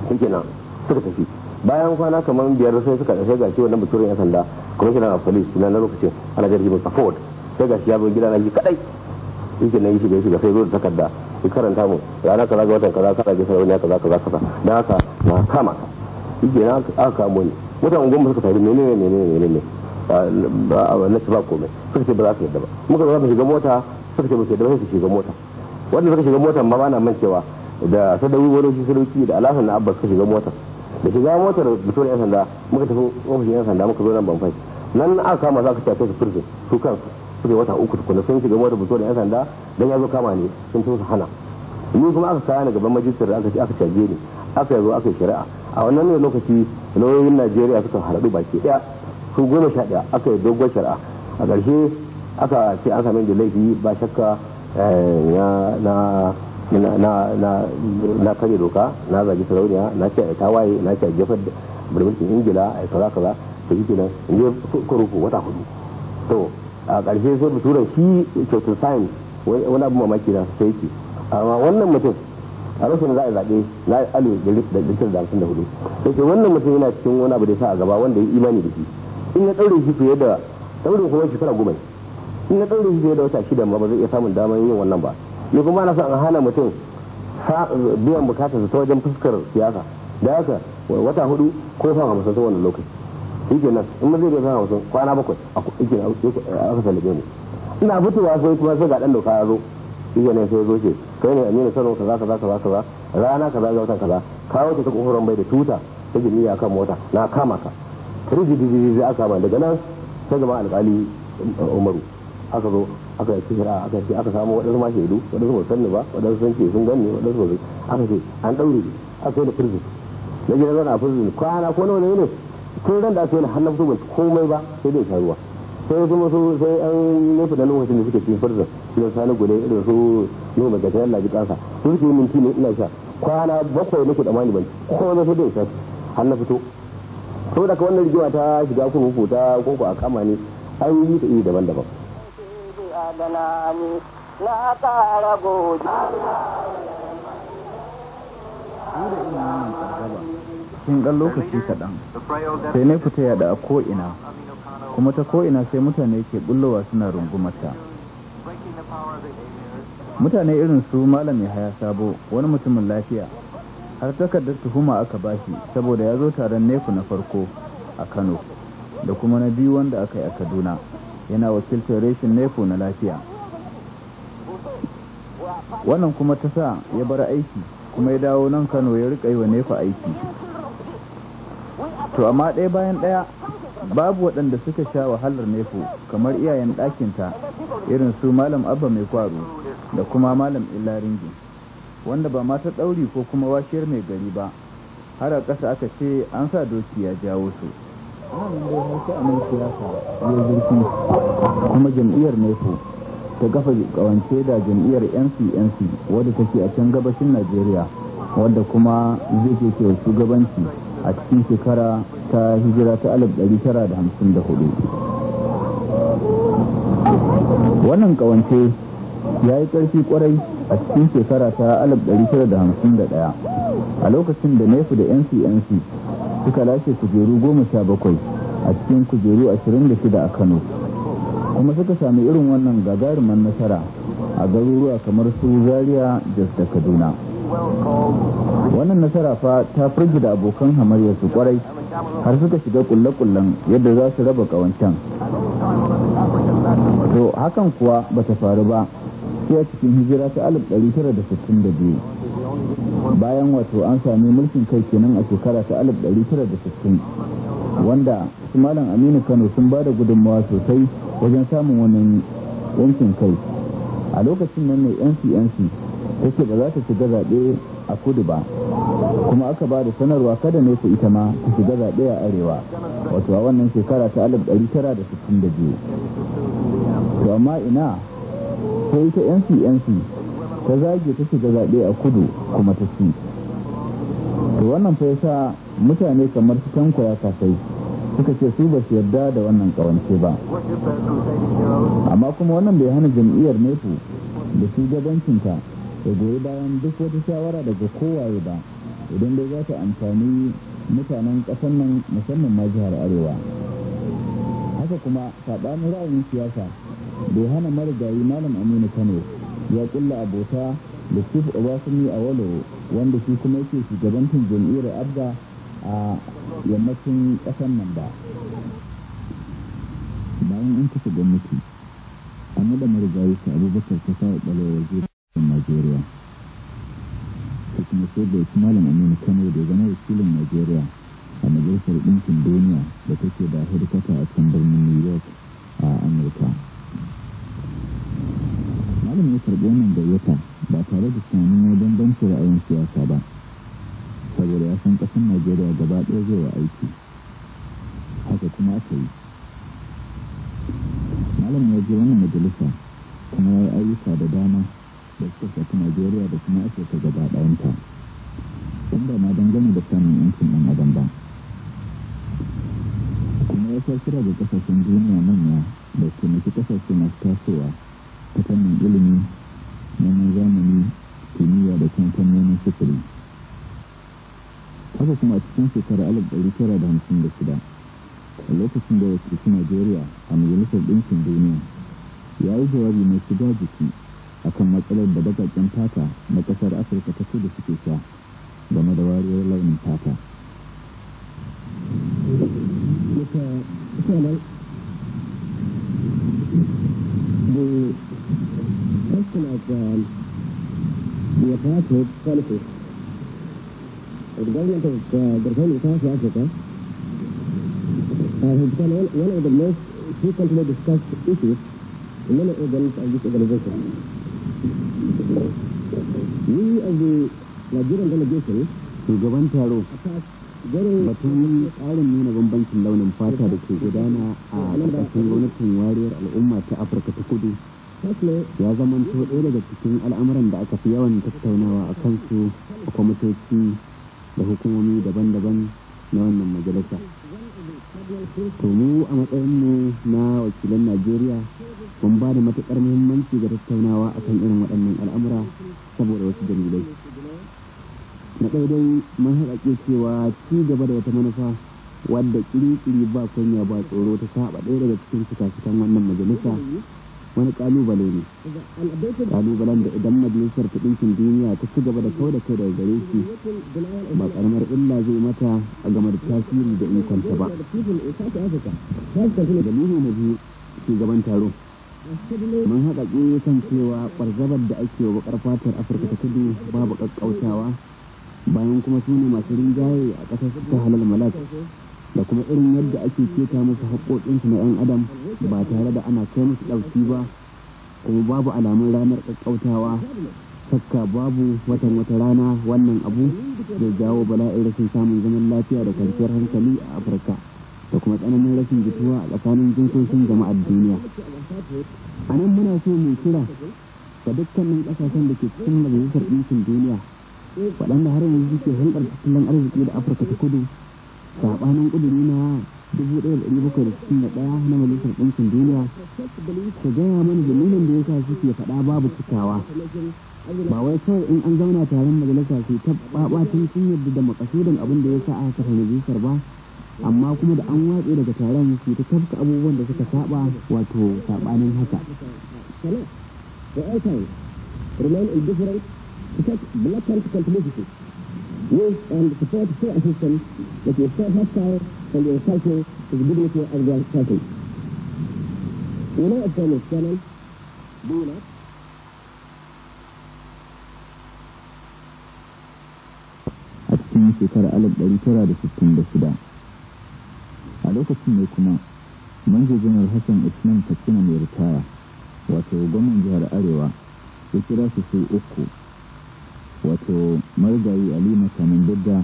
shikenan suka tafi bayan kwana kamar biyar sai suka sai ga shi wannan mutumin ya sanda commissioner of police na lokacin ana jirgi mai ford sai ga shi ya zo gida na shi kadai yake nan shiga shiga sai zo da takarda ya karanta mu rana kaza ga watan kaza kaza ga sarauniya kaza kaza kaza dan haka na kama yake nan aka kamo ni mutanen goma suka tafi menene menene menene na ba komai suka ce ba za ba muka zo za mu shiga mota suka ce ba su yadda ba su shiga mota wanda suka shiga motar ba bana man da sadawi wani shi sadauki da alhassan na abbas suka shiga motar da shiga motar da tsoron yan sanda muka tafi ofishin yan sanda muka zo nan banfai nan aka kama za ka tafi su firgin su kansu suke wata uku tukuna sun shiga motar da yan sanda don ya zo kama ne sun su hana ni kuma aka kaya na gaban majistar da aka ce aka caje ni aka zo aka yi shari'a a wannan lokaci lauyoyin najeriya suka haradu baki daya su goma sha ɗaya aka yi dogon shari'a a ƙarshe aka ce an same da laifi ba shakka eh, na na kare doka na zagi sarauniya na ce a tawaye na ce a jefar da mulkin ingila a kaza kaza to shi kenan in je kurkuku wata hudu to a ƙarshe sai muturan shi kyautun sa'in wani abu mamaki na sai yake amma wannan mutum a rashin za a zaɓe na alu da littar da hamsin da hudu sai ce wannan mutum yana cikin wani abu da ya sa a gaba wanda ya imani da shi in ya ɗaure shi fiye da ɗaurin kuma shekara goma in ya ɗaure shi fiye da wata shida ma ba zai iya samun damar yin wannan ba ne kuma na son an hana mutum biyan bukatar ta wajen fuskar siyasa da haka wata hudu ko fama musu sun wannan lokaci shi ke nan in zai iya fama musu kwana bakwai a kuɗin aka salabe mu ina fitowa sai kuma sai ga ɗan doka ya zo shi ke nan sai zo ce kai ne amina sanin kaza kaza kaza kaza rana kaza ga watan kaza kawo ta ta kohoron bai da tuta ta jiniya kan mota na kama ka rigidi aka kama daga nan ta zama alƙali uh, umaru aka zo aka yi shira aka ce aka samu waɗansu ma shaidu waɗansu ba sanni ba waɗansu sun ce sun ganni waɗansu ba aka ce an ɗaure aka yi da prison na gidan zauna a prison kwana ko nawa ne ne tun ran da aka yi har na fito ba komai ba sai dai ruwa sai kuma su sai an nufi da lokacin da suke cikin prison irin sani gudai irin su yi mai gajiyar laji ƙasa su suke yi minti ne ina sha kwana bakwai nake da mani ban komai sai dai sha har na fito ko da wannan rigima ta shiga ku muku ta ku a kama ne an yi ta iri daban-daban in ɗan lokaci kaɗan sai na fita yada a ko'ina kuma ta ko'ina sai mutane ke bullowa suna rungumata mutane irin su malami ya haya sabo wani mutumin lafiya har takardar tuhuma aka ba shi saboda ya zo taron neku na farko a kano da kuma na biyu wanda aka yi a kaduna yana wakiltar reshin neku na lafiya wannan kuma ta sa ya bar aiki kuma ya dawo nan kano ya rika yi wa nefa aiki to amma ɗaya bayan ɗaya babu waɗanda suka sha wahalar nefu kamar iyayen ɗakinta irin su malam abba mai kwaro da kuma malam illaringi wanda ba mata ta ɗauri ko kuma washiyar mai gari ba har a ƙasa aka ce an sa doki ya jawo su har ya kuma jam'iyyar nepo ta kafa kawance da jam'iyyar ncnc wadda take a can gabashin najeriya wadda kuma zai ke ke shugabanci a cikin shekara ta hijira ta alif tara da da hudu wannan kawance ya yi ƙarfi kwarai a cikin shekara ta 1951 a lokacin da nefu da ncnc suka lashe kujeru 17 a cikin kujeru 26 a kano kuma suka sami irin wannan gagarumar nasara a garuruwa kamar su zaria jos da kaduna wannan nasara fa ta firgi da abokan hamarya su kwarai har suka shiga kulle-kullen yadda za su raba kawancan to hakan kuwa ba ta faru ba tafiya cikin hijira ta biyu bayan wato an sami mulkin kai kenan a shekara ta alif tara da sittin wanda su malam aminu kano sun ba da gudunmawa sosai wajen samun wannan yankin kai a lokacin nan ne ncnc ta ce ba za ta shiga zaɓe a kudu ba kuma aka ba da sanarwa kada ne ku ita ma ta shiga zaɓe a arewa wato a wannan shekara ta alif tara da da sittin biyu to amma ina ko ita ncnc ta zage ta shiga zaɓe a kudu kuma ta ci to wannan fa yasa mutane kamar su tanko ya kasai suka ce su ba su yarda da wannan ƙawance ba amma kuma wannan bai hana jam'iyyar nefu da shugabancinta da goyi bayan duk wata shawara daga kowaye ba idan dai za ta amfani mutanen ƙasar nan musamman ma jihar arewa haka kuma saɓanin ra'ayin siyasa bai hana marigayi malam aminu kano ya kulla abota da chief obasumi a walo wanda shi kuma yake shugabantin jam'iyyar abba a yammacin ƙasar nan ba bayan an kasa gwamnati a nada marigayi su abubakar ta sa ɓalewar jirgin najeriya ta kuma sai da yake malam aminu kano da zama wakilin najeriya a majalisar ɗinkin duniya da take da hedikata a can birnin new york a amurka adam ya karɓi wannan gayyata ba tare da tunanin ya bambanci ra'ayin siyasa ba saboda ya san ƙasar najeriya gaba ɗaya zai wa aiki haka kuma aka yi malam ya ji wannan majalisa kuma ya yi ayyuka da dama da suka shafi najeriya da kuma afirka gaba ɗayanta wanda ma dangane da samun yankin ɗan adam ba kuma ya sa kira ga ƙasashen duniya manya da taimaki ƙasashe masu tasowa ta fannin ilimi na zamani kimiyya da kuma fannonin sufuri haka kuma a cikin shekara alif ɗari tara da hamsin da shida a lokacin da wakilci najeriya a majalisar ɗinkin duniya ya yi jawabi mai shiga jiki akan matsalar da baƙaƙen fata na ƙasar afirka ta kudu suke sha game da wariyar launin fata كما قال يقاته بخالفه وتقول انت درسان يقاته في افريقيا فكان one of the most frequently discussed issues in many organs of this organization. We as the Nigerian delegation shugaban taro batun tsarin nuna bambancin launin fata da ke gudana a ƙarƙashin gwamnatin wariyar al'umma ta afirka ta kudu ya zamanto ɗaya daga cikin al'amuran da aka fi yawan tattaunawa a kansu a kwamitoci da hukumomi daban-daban na wannan majalisa to mu a matsayinmu na wakilan najeriya mun ba da matuƙar muhimmanci ga tattaunawa akan irin waɗannan al'amura saboda wasu dalilai na ɗaya dai mun haƙaƙe cewa ci gaba da wata manufa wadda ƙiri ba kunya ba tsoro ta saba ɗaya daga cikin fikafikan wannan majalisa wani kalubale ne kalubalen da idan majalisar ɗinkin duniya ta ci gaba da kawo da kai daga gare shi ba karamar illa zai mata a game da tasiri da ikonta ba dalili na biyu shugaban taro mun haƙa ƙiyoyi kan cewa ƙwarzabar da ake wa baƙar fatar afirka ta kudu babu ƙaƙƙautawa bayan kuma su ne masu rinjaye a ƙasar ta halal malak da kuma irin yadda ake keta musu haƙoƙinsu na 'yan adam ba tare da ana kai musu ɗauki ba kuma babu alamun ranar ƙaƙƙautawa sakka babu watan wata rana wannan abu da jawo bala'in rashin samun zaman lafiya da kwanciyar hankali a afirka da kuma tsananin rashin jituwa a tsakanin jinsoshin jama'ar duniya a nan muna so mai kira ga dukkanin ƙasashen da ke cikin majalisar ɗinkin duniya waɗanda har yanzu ke hulɗar tattalin arziki da afirka ta kudu sabanin ƙudurin na dubu da da bakwai ɗaya na majalisar ɗinkin duniya ta gaya mana dalilin da ya sa suke faɗa babu cikawa ba wai kawai in an zauna taron majalisa sai ta babatun sun yadda da makasudan abin da sa aka kafa majalisar ba amma kuma da an watse daga taron su ta tafka abubuwan da suka saba wato sabanin haka Remain indifferent to black political contributions with and support care system that will is so hostile and insulting to the dignity of their country. You know what John is Do you not? a cikin shekarar alif ɗari tara da sittin da shida a lokacin ne kuma manzo hassan usman katsina mai ritaya wato gwamnan jihar arewa ya kira su sai uku wato margari alima kamin dudda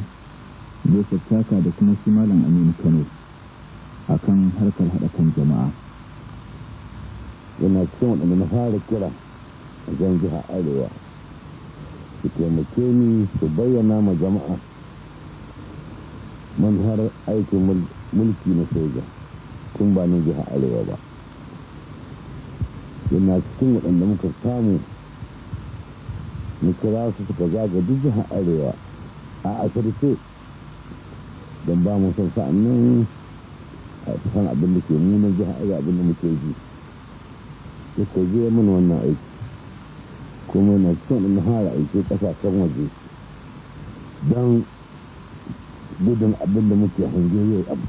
joseph taka da kuma shi malam aminu kano akan harkar haɗa kan jama'a yana cikin waɗanda na fara kira a jiha arewa su taimake ni su bayyana ma jama'a har aikin mulki na soja kun ba na jiha arewa ba yana cikin waɗanda muka samu na su suka zaga duk jihar arewa a asirce don ba mu son sa'annan a san abin da ke nuna jihar arewa abin da muke ji suka ya min wannan aiki kuma na son in hara aiki kasashen waje don gudun abin da muke hange yau abu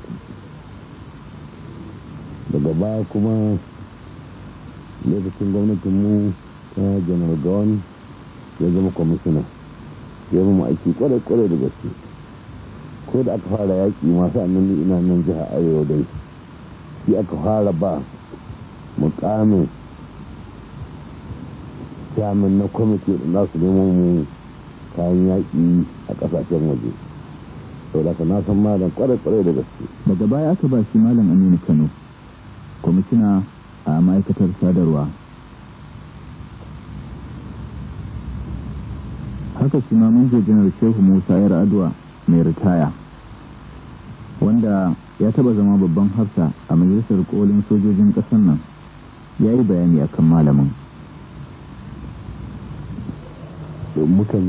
daga baya kuma lokacin gwamnatinmu ta janar gawani ya zama kwamishina ya zama aiki kwarai-kwarai da gaske ko da aka fara yaƙi masu annabi ina nan jiha arewa dai shi aka fara ba mukamin jamin na kwamiti da nasu neman mu kayan yaƙi a ƙasashen waje sau da na san malam kwarai-kwarai da gaske daga baya aka ba shi malam aminu kano kwamishina a ma'aikatar sadarwa haka shi mun je janar shehu musa yar aduwa mai ritaya wanda ya taba zama babban hafsa a majalisar kolin sojojin kasar nan ya yi bayani akan malamin mukan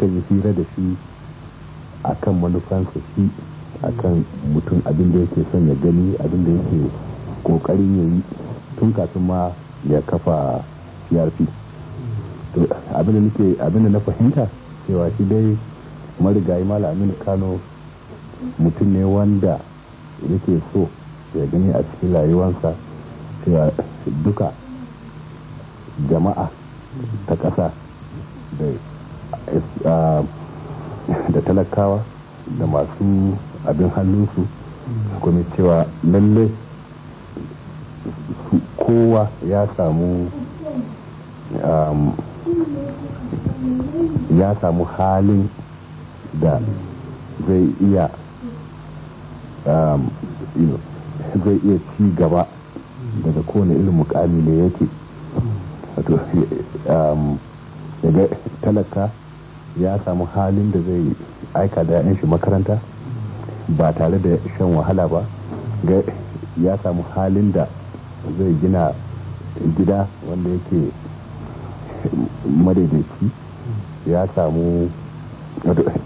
yi hira da shi akan manufansa shi akan mutum abinda yake son ya gani abin da yake kokarin yayi tun kafin ma ya kafa yarfi abinda nake abinda na fahimta cewa shi dai marigayi malamin kano mutum ne wanda yake so ya gani a cikin rayuwarsa cewa duka jama'a ta ƙasa da talakawa da masu abin hannunsu kuma cewa lalle kowa ya samu um, ya samu halin da zai iya um, zai iya ci gaba daga kowane irin mukami ne yake wato um, daga talaka ya samu halin da zai aika da yanshi makaranta ba tare da shan wahala ba ya samu halin da zai gina gida wanda yake madaidaici ya samu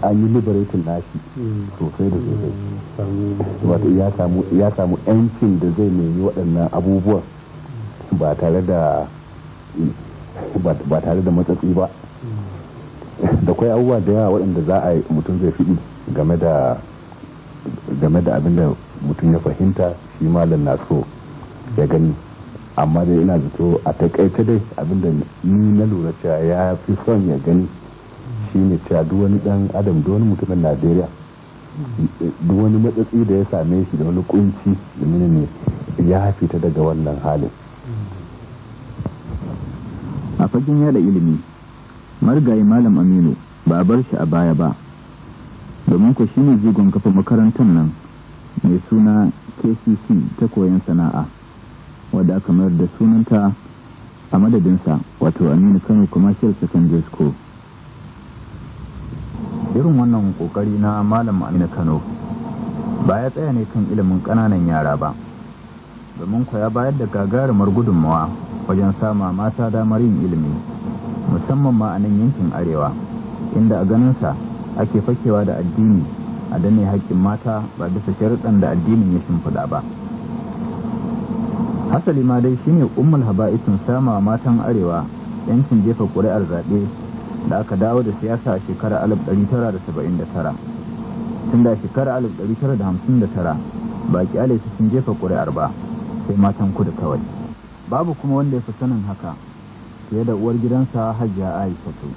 an yi liberatin nashi sosai da sosai ya samu yancin da zai nemi waɗannan abubuwan ba tare da ba matsatsi ba da kwai abubuwa da yawa waɗanda za a mutum zai fiɗi game da game abin mutum ya fahimta shi malam na so ya gani amma dai ina zato a takaita dai abinda ni na lura cewa ya fi son ya gani shine cewa duk wani dan adam duk wani mutumin najeriya duk wani matsatsi da ya same shi da wani kunci da ne ya fita daga wannan halin a fagen yada ilimi marigayi malam aminu ba a bar shi a baya ba domin ku shine jigon kafa makarantar nan mai suna kcc ta koyon sana'a wadda aka mayar da sunanta a madadinsa wato aminu kano commercial secondary school irin wannan kokari na malam aminu kano ba ya tsaya ne kan ilimin kananan yara ba domin ku ya bayar da gagarumar gudunmawa wajen sama mata damar yin ilimi musamman ma a nan yankin arewa inda a ganinsa ake fakewa da addini a dane haƙƙin mata ba bisa sharuɗan da addinin ya shimfiɗa ba asali ma dai shine ummul haba'itun sama matan arewa yancin jefa ƙuri'ar zaɓe da aka dawo da siyasa a shekarar 1979 tun da shekarar 1959 ba kyale su sun jefa ƙuri'ar ba sai matan kudu kawai babu kuma wanda ya fi sanin haka fiye da uwar gidansa hajiya aisha to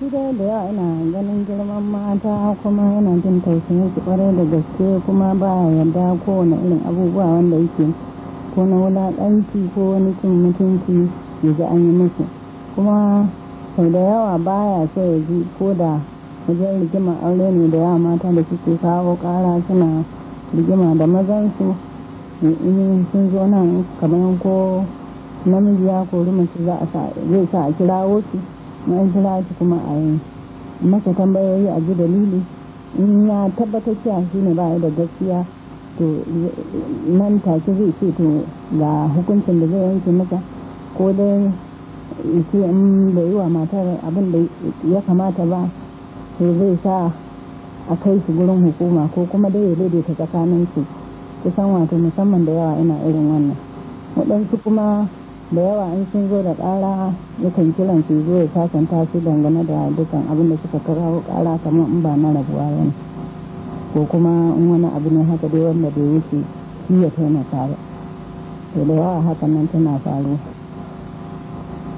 gida da yawa ina ganin girman mata kuma yana jin tausayin su kwarai da gaske kuma ba yarda kowane irin abubuwa wanda yake ko na wulaƙanci ko wani cin mutunci ya ji an yi musu kuma sau da yawa baya so ya ji ko da wajen rigima aure ne da yawa mata da suke kawo kara suna rigima da mazansu in sun zo nan kamar ko namiji ya kori mace zai sa a kira wasu na an kira shi kuma a yi masa tambayoyi a ji dalili in ya tabbatar cewa shi ne ba da gaskiya to nan take zai ce to ga hukuncin da zai yanke maka ko dai ce in bai yi wa matar abin da ya kamata ba to zai sa a kai su gurin hukuma ko kuma dai ya daidaita tsakanin su kusan wato musamman da yawa ina irin wannan waɗansu kuma da yawa in sun zo da ƙara yakan kiran su zo ya sasanta su dangane da dukkan abin da suka kawo ƙara kamar in ba na rabuwa yana ko kuma in wani abu ne haka dai wanda bai wuce shi ya taimaka ba to da yawa hakan nan tana faru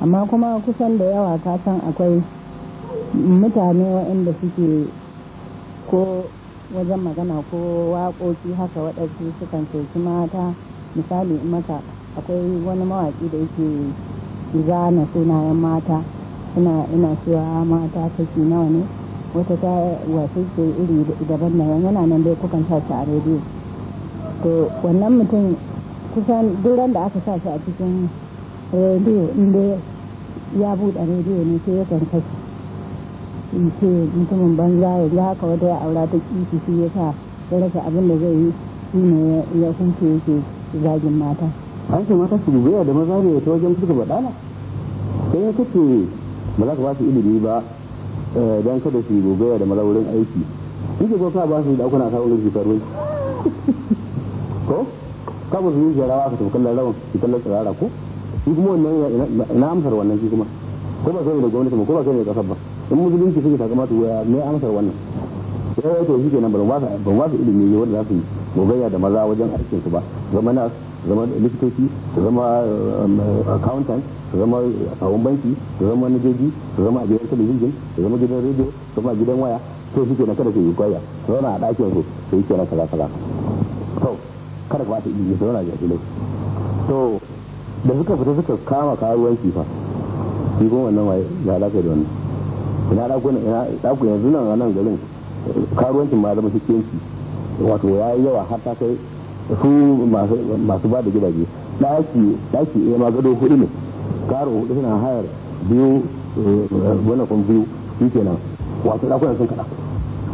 amma kuma kusan da yawa ka san akwai mutane waɗanda suke ko wajen magana ko waƙoƙi haka waɗansu sukan soki mata misali in maka akwai wani mawaƙi da yake zana sunayen mata ina ina cewa ah, mata take nawa ne wata ta wasu ce iri daban na yana nan dai kukan sa shi a rediyo to wannan mutum kusan duran da aka sa shi a cikin rediyo inda ya buɗe rediyo ne sai ya kashe in ce mutumin banza ya yanzu haka wata ya aura ta kifi shi ya sa ya rasa abin da zai yi shi ne ya kunce yake zagin mata ce mata su da maza ne ta wajen fuska baɗala sai ya kace ba za ka ba su ilimi ba Eh, don kada su yi gogaya da mara aiki kike ko ka ba su da kuna sa wurin su karwai ko ka ba su yi jarawa ka tafi kallon rawan su kallon tsirara ko shi kuma wannan na amsar wannan shi kuma ko ba sai da gwamnati ba ko ba sai da kasar ba in musulunci suke takama su ya me amsar wannan ya eh, sai wato shi kenan ban ba su ilimi wanda za su yi gogaya da maza wajen aikinsu ba zama na zama likitoci su zama um, accountant su zama kawun banki su zama manajoji su zama a gidan talabijin su zama gidan rediyo su zama gidan waya to shi kenan kada ke yi kwaya su zauna a ɗakin su su yi kenan kaza kaza to kada ba ta iya zama zauna a to da suka fita suka kama karuwanci fa shi kuma wannan waye ga alaƙa da wannan ina ɗakunan ina ɗakunan yanzu nan a nan garin karuwancin ma zama shi kenci wato ya yi yawa har ta kai su masu ba da gidaje daki daki ma gado hudu ne karo hudu suna hayar biyu eh, wani kun biyu shi ke nan wato dakunan sun kada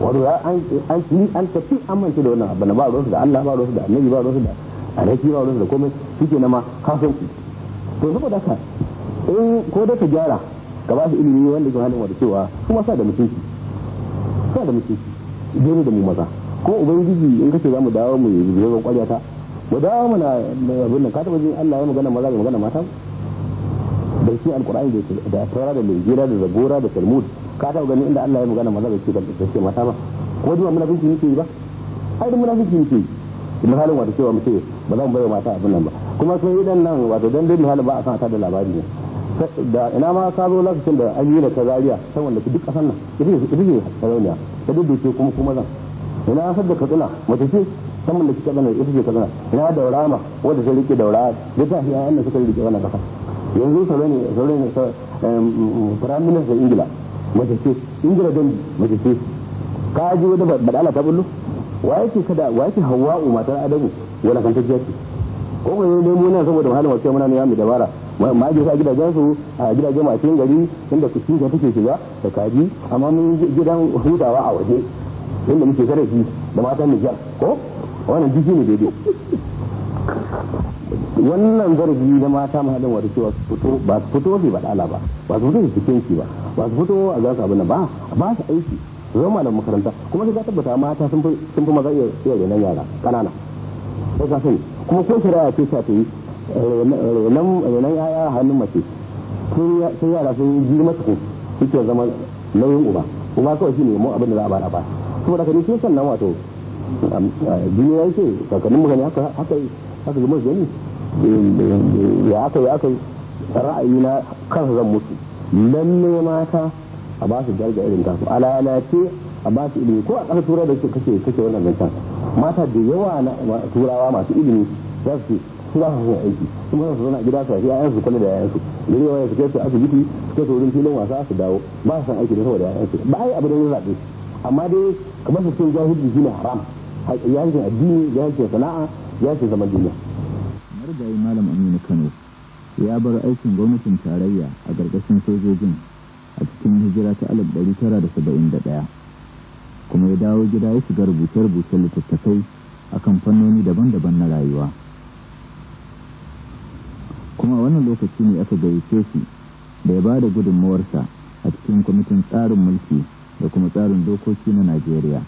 wato an ni an tafi an amince da wannan abin ba ruwansu da Allah ba ruwansu da annabi ba ruwansu da alhaki ba ruwansu da komai shi ke kenan ma ku to zuba daka in ko da ka gyara ka ba su ilimi wanda ke halin wata cewa kuma sa da mutunci sa da mutunci jere da mu maza kuma ubangiji in kace za mu dawo mu yi zuwa kwarya ta mu dawo mu na abin nan ka taba jin Allah ya magana maza da magana mata da shi alqur'ani da da tawara da linjira da zabura da talmud ka taba ganin inda Allah ya magana maza da ce da ce mata ba ko muna munafiki yake yi ba ai muna munafiki yake yi kuma halin wata cewa mutum ba zan bayar mata abin nan ba kuma yi dan nan wato dan dai halin ba a san a tada labari ne da ina ma ka zo lokacin da an yi da kazariya saboda duk kasan nan ita ce sarauniya ta dudduce kuma kuma zan ina hasar da katsina mace ce da ke katsina ita ce katsina ina daura ma wadda ta rike daura da ta hiyayen da suka rike wannan kasa yanzu saurari ne saurari ne firayim ingila mace ce ingila don mace ce ka ji wata badala ta bullo wa yake kada wa yake hawa'u matar adamu wala kan tajiya ce ko ko ne na saboda halin wasu muna ne ya mu dabara ma ji a gidajen su a gidajen masu yin gari inda kucin ta take shiga da kaji amma mun gidan hutawa a waje yadda muke zarafi da matan Nijar ko wannan jiji ne daidai wannan zarafi na mata mahallin wata cewa su fito ba su fito ne ba baɗala ba ba su fito su cikin ba ba su fito a za su abin ba ba su aiki su zama da makaranta kuma sai ka tabbata mata sun fi maza iya da nan yara ƙanana sai ka sani kuma ko shari'a ce ta yi renon yaya hannun mace sun yara sun yi girma su suke zama nauyin uba uba kawai shi ne mu abin da za a ba a ba kuma daga nishin sannan wato duniya ya ce kakannin mu gani haka haka haka zama gani eh, ya aka yi aka yi ra'ayi na kansa zan mutu lalle mata a ba su darga irin tasu ce a ba su ilimi ko a ƙasa turai da ke kashe kashe wannan zancen mata da yawa na turawa masu ilimi za su su za su aiki kuma za su zauna gida su haifi ƴaƴan su kula da ƴaƴan su da yawa su kai su asibiti su kai su wurin filin wasa su dawo ba su san aiki da saboda ƴaƴan su ba ai abu da ya zaɓe amma dai kamar su ce jahilci shine haram jahilcin addini jahilcin sana'a ya jahilcin zaman duniya marigayi malam aminu kano ya bar aikin gwamnatin tarayya a gargashin sojojin a cikin hijira ta alif ɗari tara da saba'in da ɗaya kuma ya dawo gida ya shiga rubuce-rubuce littattafai a kan fannoni daban-daban na rayuwa kuma wannan lokaci ne aka gayyace shi da ya ba da gudunmawarsa a cikin kwamitin tsarin mulki da kuma tsarin dokoki na najeriya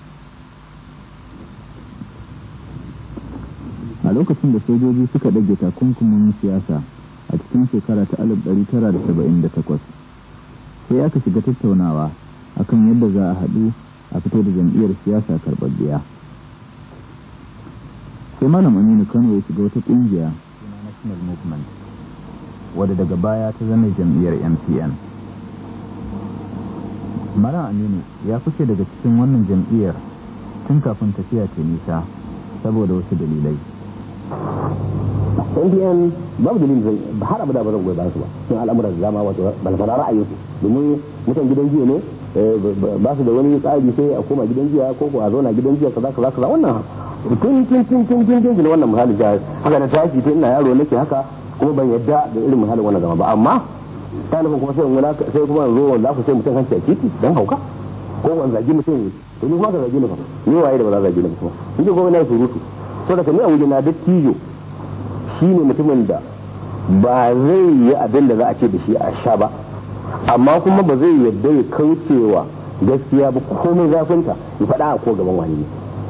a lokacin da sojoji suka ɗage takunkumin siyasa a cikin shekara ta alif tara da 1978 sai aka shiga tattaunawa akan yadda za a haɗu a fito da jam'iyyar siyasa karɓar karɓaɓɓiya sai malam aminu kano ya shiga wata ƙungiya national movement wadda daga baya ta zama jam'iyyar mcn Mara aminu ya fice daga cikin wannan jam'iyyar tun kafin tafiya ta nisa saboda wasu dalilai indiyan babu dalilin zai har abada ba zan goyi bayan su ba sun al'amuran da wato balfara ra'ayinsu domin mutan gidan jiya ne eh, ba su da wani tsari sai a koma gidan jiya ko ko a zauna gidan jiya kaza kaza kaza wannan tun tun tun tun tun tun wannan misali haka na tashi tun ina yaro nake haka kuma ban yadda da irin misalin wannan zama ba amma ɗalibin kuma sai in wala sai kuma zo wanda aka sai mutum hanci a titi dan hauka ko wanda zagi mutum to ni kuma ka zagi ni ba ni waye da ba za zagi ni kuma ni ke kuma na surutu so da kamar a wuri na dattijo shine mutumin da ba zai yi abin da za a ce da shi a sha ba amma kuma ba zai yadda ya kaucewa gaskiya ba komai zafinta ya faɗa a ko gaban wani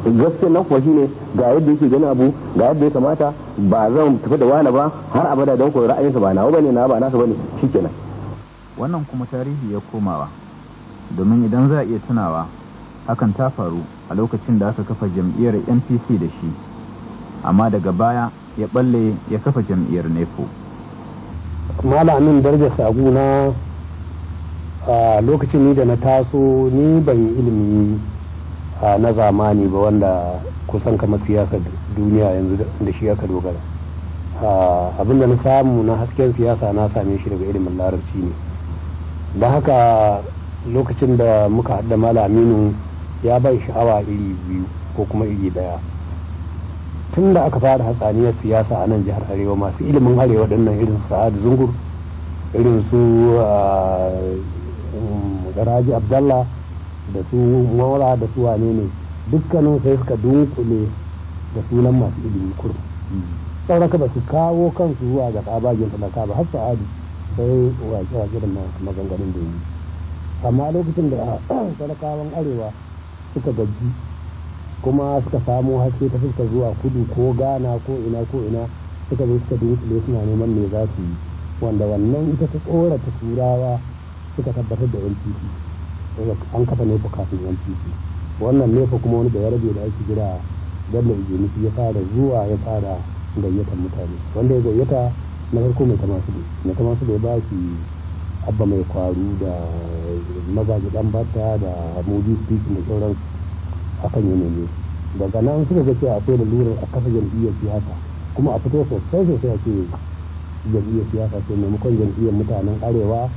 gaskiya nan kuwa ne ga yadda yake gani abu ga yadda ya kamata ba zan tafi da wani ba har abada don koyi ra'ayinsa ba nawa bane na ba nasa bane shikenan wannan kuma tarihi ya komawa domin idan za a iya tunawa hakan ta faru a lokacin da aka kafa jam'iyyar NPC da shi amma daga baya ya balle ya kafa jam'iyyar NEPO malamin darajar sagu na a lokacin ni da na taso ni ban ilimi na zamani ba wanda kusan kamar siyasa duniya yanzu da shi aka dogara abinda na samu na hasken siyasa na same shi daga ilimin larabci ne da haka lokacin da muka haɗa malaminu ya bai sha'awa iri biyu ko kuma iri daya tun da aka fara hatsaniyar siyasa a nan jihar arewa masu ilimin arewa nan irin sa'ad zungur irin su um, Garaji abdallah da su maura da su wane ne dukkanin sai suka dunkule da sunan masu ilimin kurum sauraka ba su kawo kansu zuwa ga tsabagen talaka ba har sa'adu sai wake-wake da maganganun da yi amma lokacin da talakawan arewa suka gaji kuma suka samu haske ta fuska zuwa kudu ko gana ko ina ko ina suka zo suka dunkule suna neman me za su yi wanda wannan ita ta tsorata turawa suka tabbatar da npp an kafa nefa kafin yan titi wannan nefa kuma wani da ya rabe da ake jira ganda ijeniki ya fara zuwa ya fara gayyatar mutane wanda ya gayyata na farko mai tamasu da mai tamasu da ya ba shi abba mai kwaru da mazaji dan bata da mudi speaking da sauran akan yi nemi daga nan suka ga cewa akwai lalurar a kafa jam'iyyar siyasa kuma a fito sosai sosai a ce jam'iyyar siyasa ce maimakon jam'iyyar mutanen arewa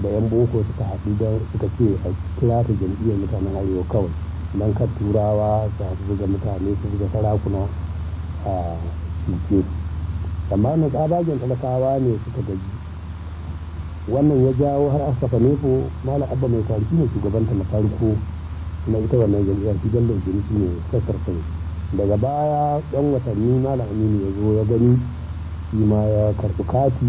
Bayan boko suka haɗu don suka ce a kilata ta jam'iyyar mutanen arewa kawai don kar turawa za su buga mutane su buga sarakuna a cuce amma na tsabagen talakawa ne suka gaji wannan ya jawo har asfafa nefo mala abba mai kwarki ne shugabanta na farko na ita wannan jam'iyyar su da jini shi ne sassar sai daga baya ɗan watanni mala aminu ya zo ya gani shi ma ya karɓi kati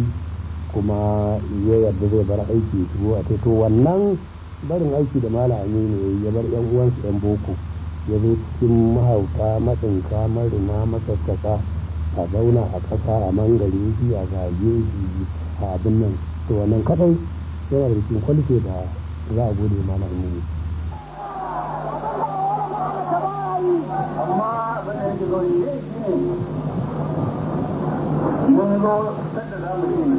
kuma ya yarda zai bar aiki shigo a to wannan barin aiki da malami ne ya bar yan uwansu yan boko ya zo cikin mahauta matsinka marina matsakasa a zauna a ƙasa a mangare shi a zage shi a abin nan to wannan kadai yana da cikin kwalfe da za a gode malami ne ne mun zo mu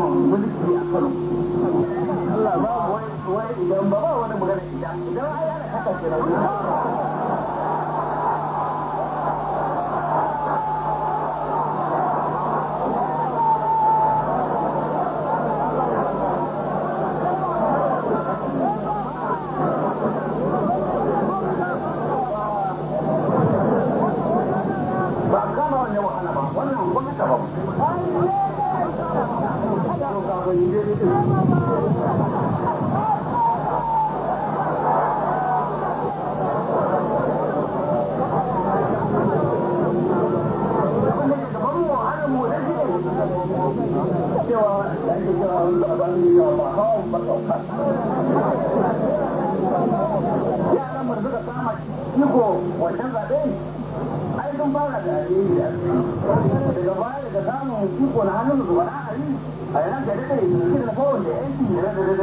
samun mulki a kano Allah ba wani idan ba wani magana idan idan ai ana haka kenan 好 了，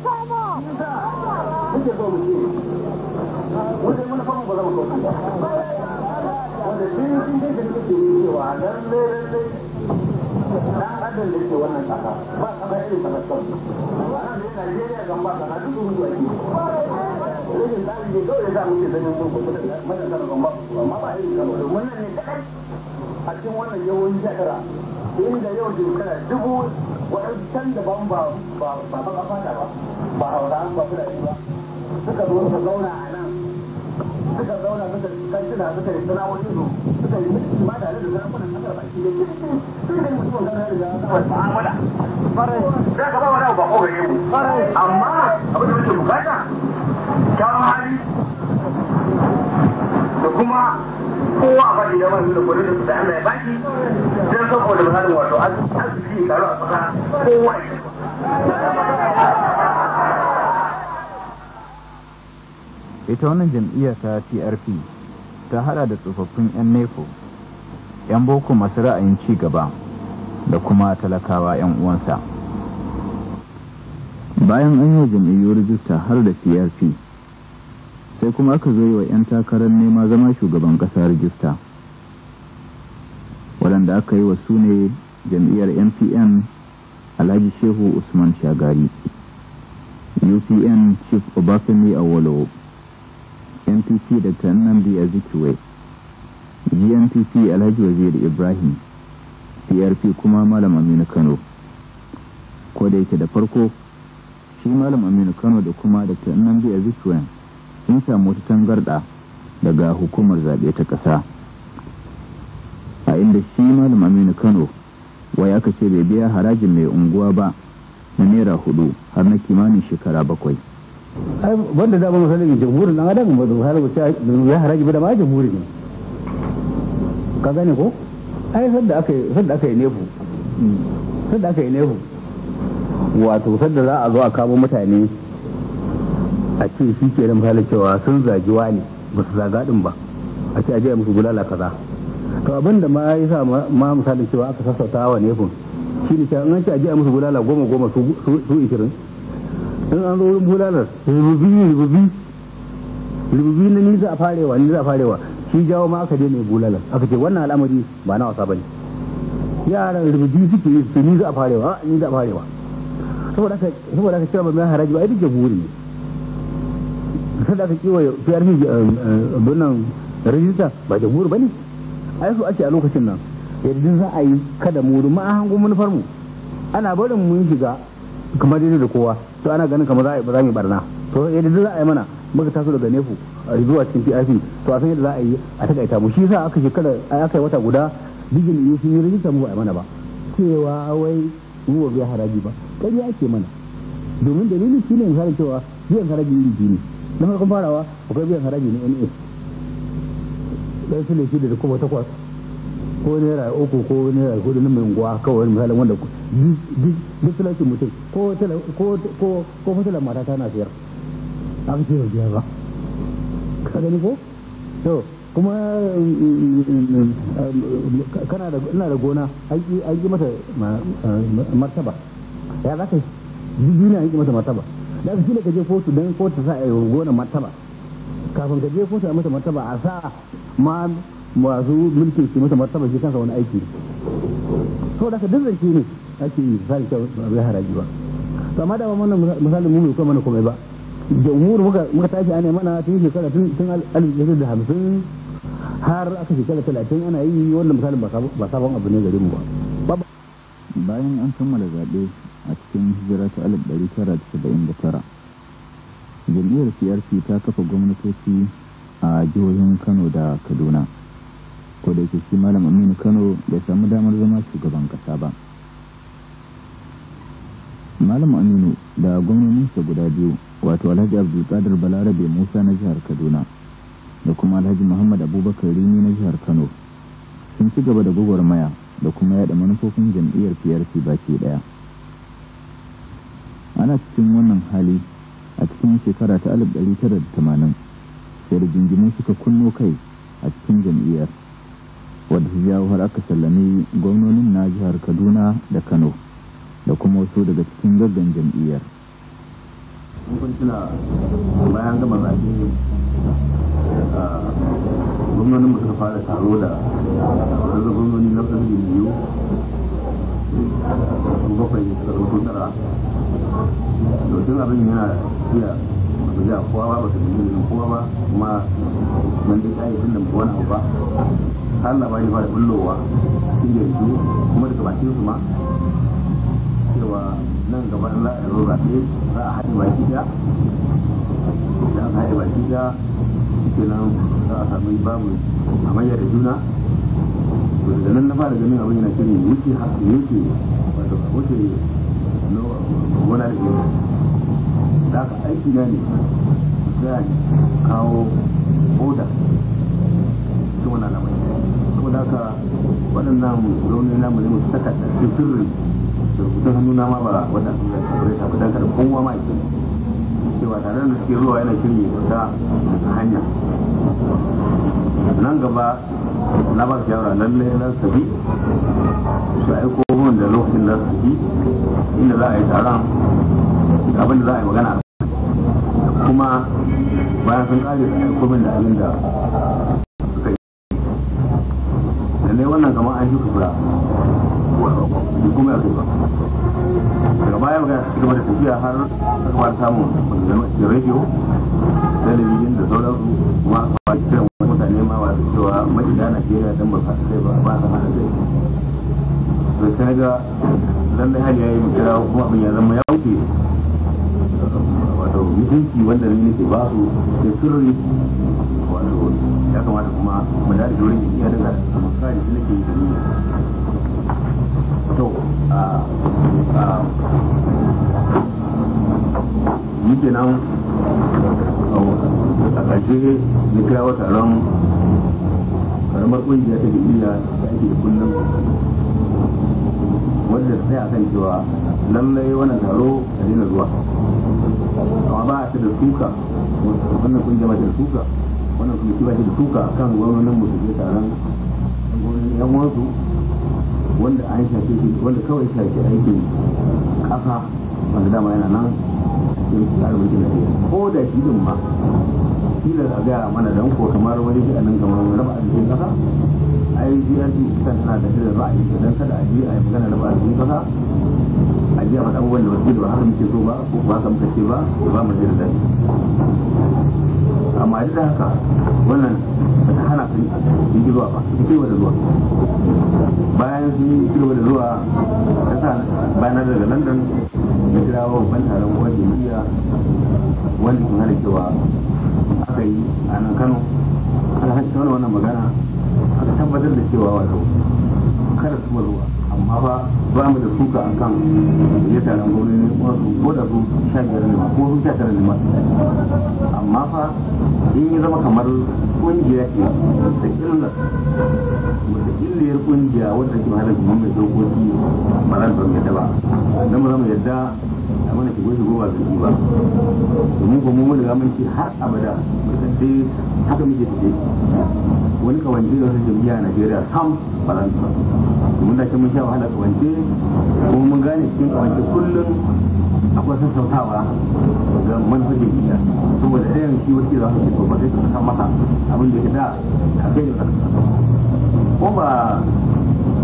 散了吧。ba najeriya ba kana duk rubu ake rashin tsari ne kawai za ne cikin wannan yawan jakara inda yau shekara dubu waɗansu can ba suka zauna a nan suka zauna suka kancina suka yi sana'o'in su kyawun hali da kuma kowa a faɗi da wani da kudin da kuɗa Allah ya baki don saboda misalin wato arziki ya karu a ƙasa kowa ita wannan jam'iyyar ta trp ta hada da tsofaffin 'yan nefo 'yan boko masu ra'ayin ci gaba da kuma talakawa 'yan uwansa. bayan an yi wa jam'iyyar rijista har da prp sai kuma aka zo yi wa 'yan takarar nema zama shugaban kasa rijista waɗanda aka yi wa su ne jam'iyyar npn alhaji shehu usman shagari upn chief obafemi awolowo npp dr nnamdi azikiwe gnpp alhaji waziri ibrahim prp kuma malam aminu kano ko da yake da farko shi malam aminu kano da kuma da ta nan biya zikiyoyin sun samu wata tangarɗa daga hukumar zaɓe ta ƙasa a inda shi malam aminu kano waya aka ce bai biya harajin mai unguwa ba na naira hudu har na kimanin shekara bakwai wanda da ba musulmi jamhurin dan adam ba zuwa halabu ya haraji ba da ma jamhuri ne ka gane ko ai sadda aka yi nefu sadda aka yi nefu wato sadda za a zo a kamo mutane a ce shi ke da misali cewa sun zagi wani ba su zaga din ba a ce a ajiya musu bulala kaza to abin da ma ya sa ma misalin cewa aka sassauta wa nefin shi ne cewa an ce a ajiya musu bulala goma goma su ishirin in an zo wurin bulalar rububi rububi rububi na ni za a farewa ni za a farewa shi jawo ma aka je mai bulalar aka ce wannan al'amari ba na wasa ba ne yaran rububi suke yi su ni za a farewa ni za a farewa saboda ka saboda ka cewa ba mai haraji ba ai duk jahuri ne saboda ka kiwa PRP eh, eh, bunan rajista ba jahuri bane ai su ake a lokacin nan yadda za a yi kada mu ma a hango manufar mu ana barin mun shiga kamar daidai da kowa to ana ganin kamar za a yi barna to yadda za a yi mana muka taso daga nefu a zuwa cikin PRP to a san yadda za a yi a takaita mu shi yasa aka shekara aka yi wata guda digin yi sun yi rajista mu ba a yi mana ba cewa wai wuwa wa biya haraji ba kan ya ake mana domin dalilin shi ne misalin cewa biyan haraji iri jini na farkon farawa akwai biyan haraji na na ɗan su ne shi da kuma takwas ko naira uku ko naira hudu na mai unguwa kawai misalin wanda duk talaucin mutum ko fatalar mata tana siyar an ce yau biya ba ka gani ko to kuma kana da ina da gona an yi mata martaba ya za ka yi yi an yi mata martaba da su ka je kotu don kotu sa a gona martaba kafin ka je kotu a mata martaba a sa ma masu mulkin su mata martaba shi kansa wani aiki so da ka dindance ne ake yi misali kyau bai haraji ba to amma da ba mana misalin mu bai kuma mana komai ba jamhur muka tashi ana mana tun shekara tun alif da hamsin har aka shekara talatin ana yi wannan misalin ba sabon abu ne gare mu ba bayan an kammala zaɓe a cikin hijira ta tara jam'iyyar crp ta kafa gwamnatoci a jihohin kano da kaduna ko da yake shi malam aminu kano bai samu damar zama shugaban ƙasa ba malam aminu da gwamnoninsa guda biyu wato alhaji abdulkadir balarabe musa na jihar kaduna da kuma alhaji muhammad abubakar rini na jihar kano sun ci gaba da gwagwarmaya da kuma yada manufofin jam'iyyar prc baki daya ana cikin wannan hali a cikin shekara ta alif tara da tamanin sai da jinjimin suka kunno kai a cikin jam'iyyar wadda su jawo har aka sallame gwamnonin na jihar kaduna da kano da kuma wasu daga cikin gaggan jam'iyyar bayan gama zaɓe gwamnonin mutum fara taro da wanzu gwamnoni na ƙarfi biyu su bakwai da suka rubutu tara da wasu abin yana iya ba ja kowa ba ba su ta nemi kowa ba kuma mun ji kayi tun da wani abu ba har labari ba da bullowa cikin da yanzu kuma daga bakin su ma cewa nan gaban in za za a haɗe baki ɗaya idan aka haɗe baki ɗaya kenan za a sami babu amayya da juna to nan na fara ganin abin yana shirin wuce haka wuce wato wuce gona da ke da aka aiki na ne a kawo oda wani alamai saboda haka waɗannan na mu ne mu sirri da hannu na ma ba a kada kowa ma ya cewa tare da ke zuwa yana shirye ta hanya nan gaba na ba su yawon lalle na sabi su aiko mun da lokacin da su ji inda za a yi taron abinda za a yi magana kuma bayan sun kare su aiko min da abinda suka yi lalle wannan kamar an shi kura ba daga baya magana su gaba da tafiya har aka fara samun da rediyo talabijin da sauransu kuma aka fara kiran wasu mutane ma ba su cewa maƙiya najeriya don ba su kai ba ba su hana zai to sai ga lallai hali ya yi mu kira kuma abin ya zama ya wato mutunci wanda ne nake ba su da sirri wato ya kamata kuma mu da wurin iya daga kuma kare ne nake yi da to yi kenan a ƙarshe na kira wa taron karamar ƙungiya ta gidiya da ake kullum wadda ta sai kan cewa lallai wannan taro a dina zuwa amma ba a ta da suka wannan ƙungiya mace da suka wannan kuma ba ta da suka kan gwamnonin musulmi taron yan wasu wanda an shafi shi wanda kawai shafi aikin kasa wanda dama yana nan cikin tsarin mulkin biyar ko da shi din ma kila a gaya mana dan ko kamar wani shi a nan kamar raba cikin kasa ai ya ce ita tana da shirin ra'ayi to dan kada a je a yi magana da ba a su ba a je a faɗa abubuwan da wasu ba haka muke so ba ko ba ka muka ce ba ko ba mu je da dani amma duk da haka wannan ba ta hana su yi zuwa ba su kewa da zuwa bayan su yi kewa da zuwa ta sa bayan daga london ya kira wa ban taron uwar jami'a wanda sun hana cewa aka yi a nan kano aka hana wannan magana a tabbatar da cewa wato kada su zuwa amma ba ba mu da suka a kan ya taron gwamnati ne ko su ko da su sha biyar ne ko su sha tara ne ma amma fa in ya zama kamar kungiya ce da illar wata illiyar kungiya wadda ke mahalar kuma mai dokoki ba za mu mai daba don mu zama yadda a mana shigo shigo ba su ba domin kuma mun riga mun ce har abada sai haka muke tafe wani kawance da wasu jami'a a Najeriya sam ba domin da mun sha wahala kawance kuma mun gane cikin kawance kullum akwai sassautawa ga manufar jami'a saboda ɗayan shi wasu za su ce ba sai su saka masa abin da ya da a kai da ko ba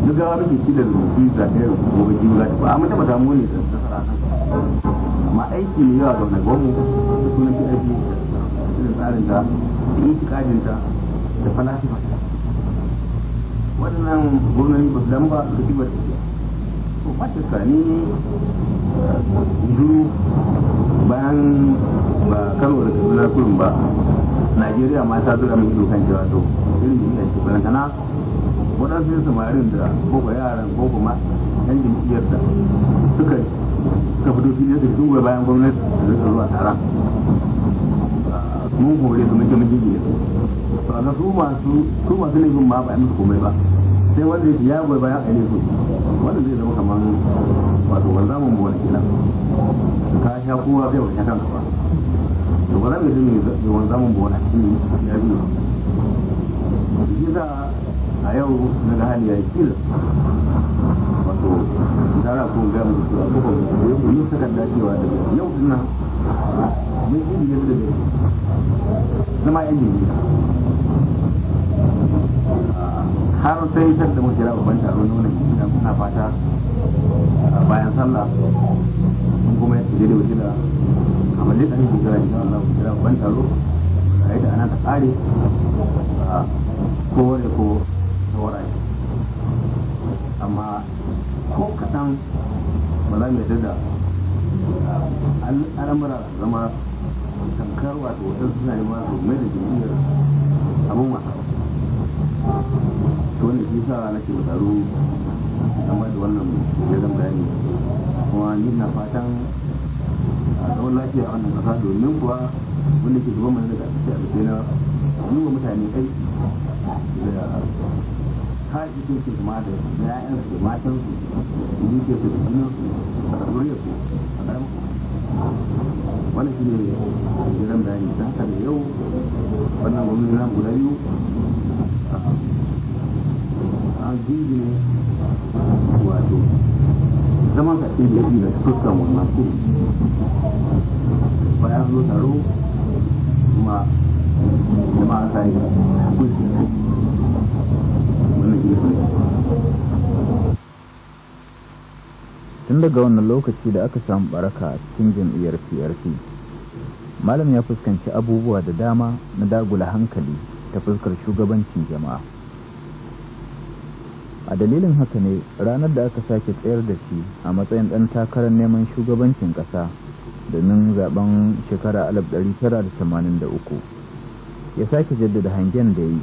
duk gawa muke ci da rubutu zaɓe da kuma wajen ba amma taɓa damu ne da nasara amma aiki ne yawa ga nagwamu da sunan aiki da tsarin da da itikadin da da falasifa waɗannan gwamnati ba su dan ba su ci ba ko kwace ka ni duru bayan ba karo da kaduna kurum ba najeriya ma ta zura mai dokan cewa to irin jami'a ce balantana waɗansu samarin da ko ba yaran ko kuma yan jam'iyyar da suka ka fito su da sun goyi bayan gwamnati da rika zuwa tara mun hore su muke muke gine to a su masu su masu ne ma ba a musu komai ba sai wanda ya ya goyi bayan aile su wanda zai zama kamar wato wanda mun buwar kenan ka sha kowa zai wani kan ba to ba za mu yi da wanda mun buwar a cikin ya biyu shi za a yau daga hali ya yi wato zara ko gaya muku cewa ko ban koyi ku yi takarda yau din nan mun yi ne da zama yan ne har sai can da muke raba ban taro nuna idan kuna fata bayan sallah mun kuma yadda daidai wajen da kamar dai ne shekara insha Allah ku kira ban taro a yadda ana ta ƙare kowane ko ta waraye amma ko kaɗan ba za mu yadda da ah, al'amura zama tamkar wato wata suna nema su mai da jami'ar abin wasa to wanda shi sa nake mu tsaro amma da wannan ya zama bayani kuma ni na fatan a ah, zaman lafiya wannan kasa domin kuwa wanda ke zuwa mana daga ƙasashe a na yi wa mutane aiki da har jikin su kuma da ya'yan su matan su su su wannan shi ne jiran bayani ta haka da yau wannan gwamnati na guda biyu a wato zaman ka ce da yi da fuskan wannan su bayan zo taro kuma jama'a ta yi tun daga wannan lokaci da aka samu baraka a cikin jam'iyyar prp malam ya fuskanci abubuwa da dama na dagula hankali ta fuskar shugabancin jama'a a dalilin haka ne ranar da aka sake tsayar da shi a matsayin ɗan takarar neman shugabancin ƙasa domin zaben shekara 1983 ya sake jaddada hangen da ya yi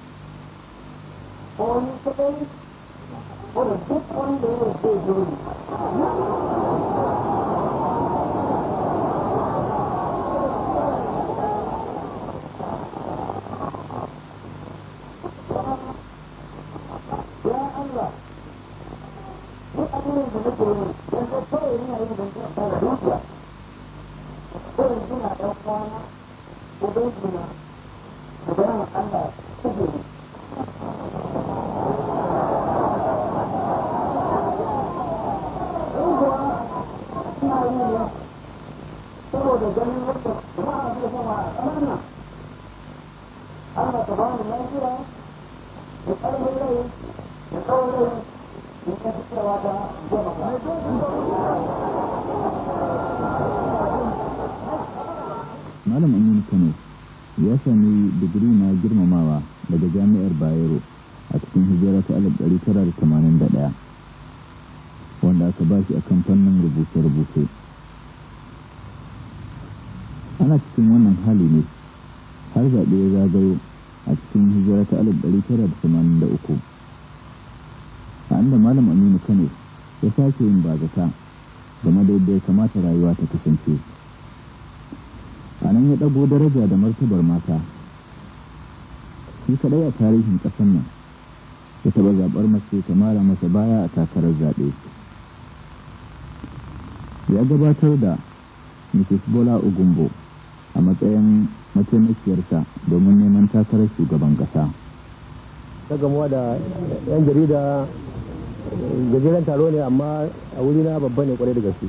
on What a good one day doing. kadai a tarihin ƙasar nan ya taɓa zaɓar mace ta mara masa baya a takarar zaɓe ya gabatar da mrs bola ogumbo a matsayin mataimakiyarsa domin neman takarar shugaban ƙasa ta gamuwa da 'yan jarida gajeren taro ne amma a wuri na babba ne kwarai da gaske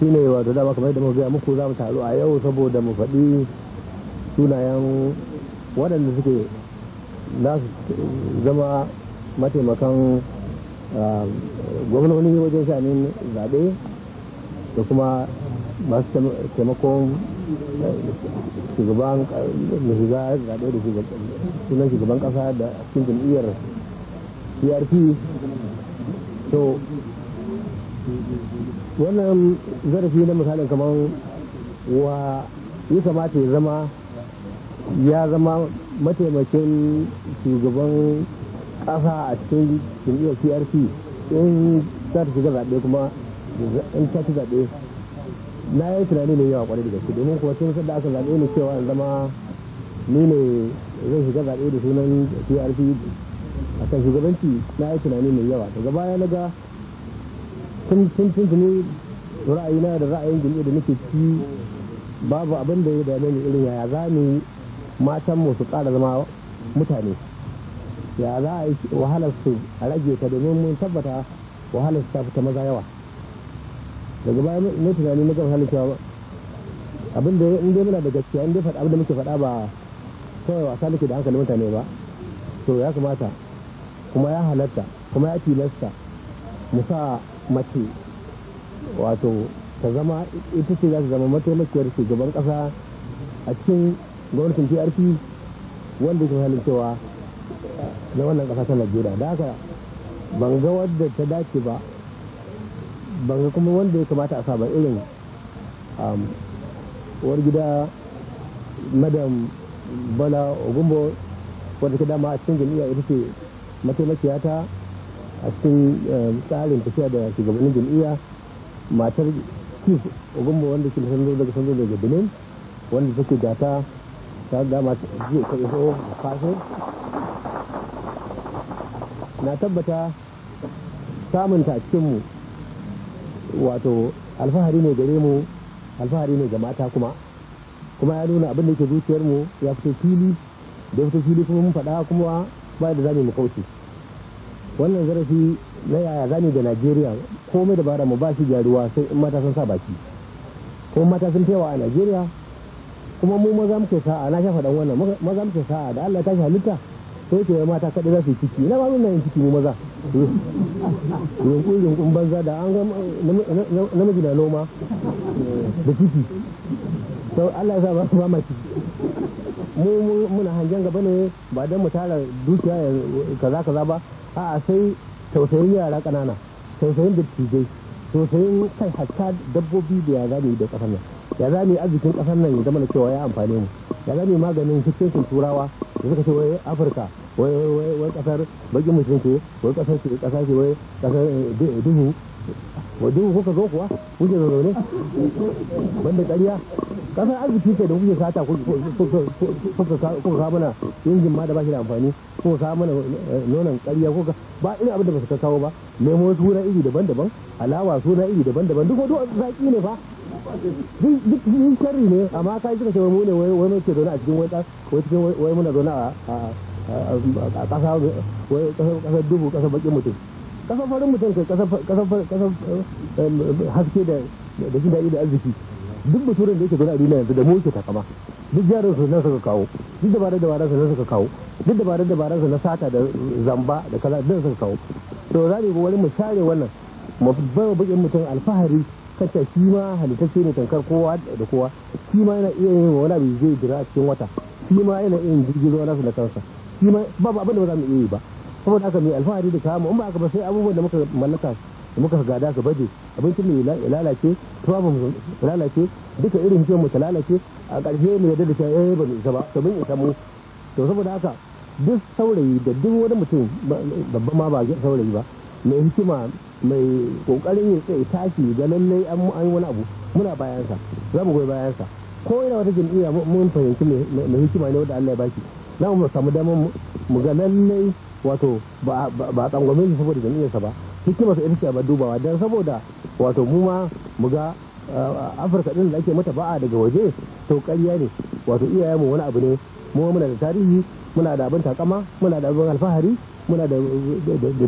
shi ne wato dama kamar da muka gaya muku za mu taru a yau saboda mu faɗi sunayen waɗanda suke za su zama mataimakan ah, gwamnoni wajen shanin zaɓe da kuma masu taimakon shugaban da shiga zaɓe da sunan shugaban ƙasa da cikin jam'iyyar crp to wannan zarafi na misalin kamar wa ya kamata ya zama ya zama mataimakin shugaban kasa a cikin jam'iyyar prc in za ta shiga zaɓe kuma in ta ci zaɓe na yi tunani mai yawa kwarai da gaske domin kuwa sun sadda aka zaɓe ni cewa in zama ni ne zai shiga zaɓe da sunan prc a kan shugabanci na yi tunani mai yawa daga baya na ga tun tuntuni na da ra'ayin jam'iyyar da nake ci babu abin da ya dame ni irin yaya za ni. matanmu su ƙara zama mutane ya za a yi wahalar su a rage ta domin mun tabbata wahalar su ta fita maza yawa daga baya ne tunani na gaba cewa abin da in dai muna da gaskiya in dai faɗa abin da muke faɗa ba kawai wasa nake da hankali mutane ba to ya kamata kuma ya halatta kuma ya tilasta mu sa mace wato ta zama ita ce za ta zama mataimakiyar shugaban ƙasa a cikin gwamnatin prp wanda ke halin cewa na wannan kasa ta najeriya da haka ban ga wadda ta dace ba ban ga kuma wanda ya kamata a saba irin um, war gida madam bala ogumbo wadda ta dama a cikin jami'a ita ce mataimakiya ta a cikin um, tsarin tafiya da shugabannin jam'iyya matar chief ogumbo wanda ke sanzo daga sanzo daga benin wanda take gata ta dama zai ka iso da na tabbata samunta a cikinmu wato alfahari ne gare mu alfahari ne ga mata kuma kuma ya nuna abin da yake zuciyarmu ya fito fili da fito fili kuma mun faɗa kuma ba da zamu mu kauce wannan zarafi na yaya zamu da Najeriya komai dabara mu ba shi gyaruwa sai in mata sun sa baki ko mata sun taiwa a Najeriya kuma mu maza muke sa'a na shafa dan wannan maza muke sa'a da Allah ta shi halitta to ke wai mata kaɗai za su ciki na ba mun yin ciki mu maza yankun yankun banza da an ga namiji da noma da ciki to Allah ya sa ba ba ma ciki mu muna hangen gaba ne ba dan mu tara dukiya kaza kaza ba a'a sai tausayin yara ƙanana tausayin dattijai to sai mun kai hatta dabbobi da ya zame da kasar nan ya zame arzikin kasar nan ya zama na cewa ya amfani mu ya zame maganin hukuncin turawa da suka ce wai afirka wai wai wai kasar bakin mutum wai kasar ce kasar ce wai kasar eh, duhu wajen kuka zo kuwa kuke zo ne banda ƙarya kasar arziki ke da kuke sata kuka sa mana injin ma da ba shi da amfani kuka sa mana eh, nonon ko ka ba irin abin da ba su kawo ba nemo suna iri daban-daban alawa suna iri daban-daban duk wato zaƙi ne fa duk yin sharri ne amma kai suka ce mu ne wai wani ke zaune a cikin wani wai cikin wai muna zaune a ƙasa dubu ƙasar baƙin mutum kasar farin mutum kai kasar haske da shi daɗi da arziki duk mutum da yake zaune a duniya yanzu da mu yake takama duk jarin su na suka kawo duk dabarar dabarar su nan suka kawo duk dabarar dabarar su na sata da zamba da kaza duk suka kawo to za ne wani mu share wannan mu bai bakin mutum alfahari kacce shi ma halittacce ne tankar kowa da kowa shi ma yana iya yin wani abu zai jira a cikin wata shi ma yana iya yin jirgin ruwa nasu da kansa shi ma babu abin da ba za mu iya yi ba saboda aka mai alfahari da kama in aka haka ba sai abubuwan da muka mallaka da muka gada ka baje abincin mu lalace tufafin mu lalace duka irin kiyon mu ta lalace a ƙarshe mu yadda da cewa yi eh, ba mu isa ba to mun isa mu to saboda haka duk saurayi da duk wani mutum babban ma ba saurayi ba mai hikima mai kokarin yin tsaye tashi ga lallai an wani abu muna bayansa za mu goyi bayansa ko ina wata jam'iyya mun fahimci mai hikima ne wanda Allah ya baki za mu samu damar mu ga lallai wato ba a tsangwame shi saboda jam'iyyarsa ba hikimar su ita ce ba dubawa dan saboda wato mu ma mu ga uh, afirka din da ake mata ba'a daga waje to ƙarya ne wato mu wani abu ne mu muna da tarihi muna da abin takama muna da abin alfahari muna da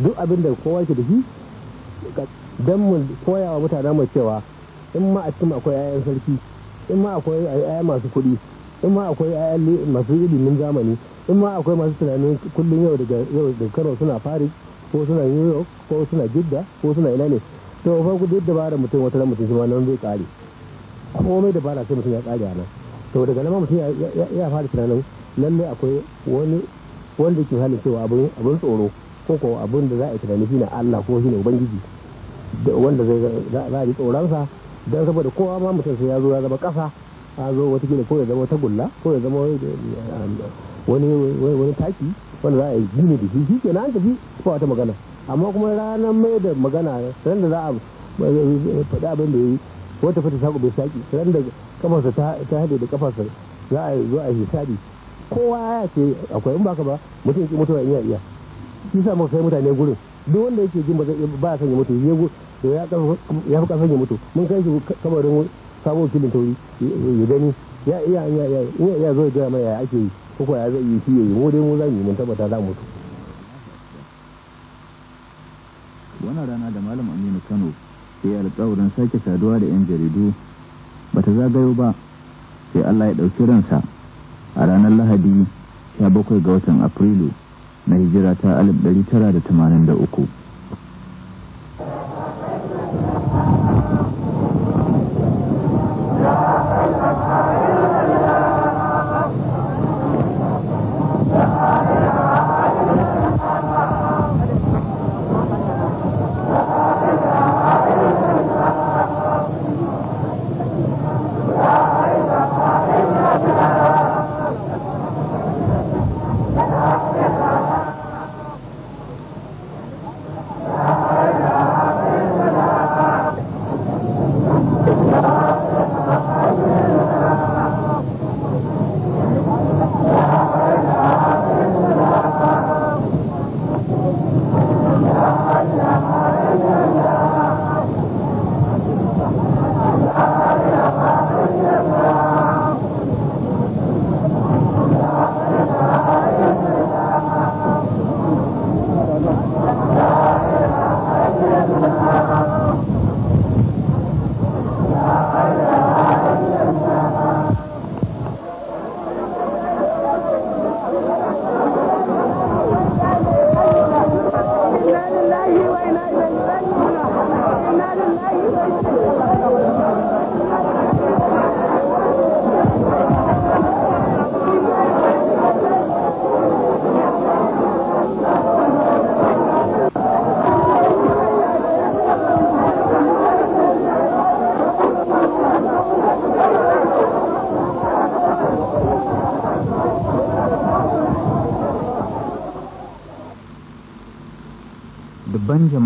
duk abin da kowa ke da shi don mu koya wa mutane mu cewa in ma a cikin akwai 'ya'yan sarki in ma akwai 'ya'ya masu kuɗi in ma akwai 'ya'yan masu ilimin zamani in ma akwai masu tunanin kullum yau daga yau da kano suna paris ko suna new york ko suna jidda ko suna ina ne to fa ku duk dabara mutum wata ran mutum kuma nan zai kare komai dabara sai mutum ya kare a nan to daga nan mutum ya fara tunanin lallai akwai wani wanda ke halin cewa abin tsoro ko ko abin da za a yi tunani shi allah ko shi ne ubangiji wanda zai za a yi tsoronsa don saboda kowa ma mutum sai ya zo ya zama kasa a zo wata gina ko ya zama gulla ko ya zama eh, eh, wani taki wani za a yi gini da shi shi ke na tafi ko wata magana amma kuma ranar mai da magana ran da za a faɗi abin da ya yi wata fata saƙo bai saƙi ran da kafarsa ta haɗe da kafarsa za a zo a hisabi kowa ya ce akwai in baka ba mutum ki mutuwa iya iya shi sa muka kai mutane gurin duk wanda yake jin ba ya sanya mutu ya ya fi kasan ya mutu mun kai shi kamarin sabon kilin tauri ya gani ya iya ya iya zo ya gaya mai ya ake yi ko ya zai yi shi yayi ko dai mu za yi mun tabbata za mu mutu wannan rana da malam Aminu Kano sai alkawarin sake saduwa da yan jaridu ba ta zagayo ba sai Allah ya ɗauki ransa a ranar Lahadi 17 ga watan Afrilu na hijira ta 1983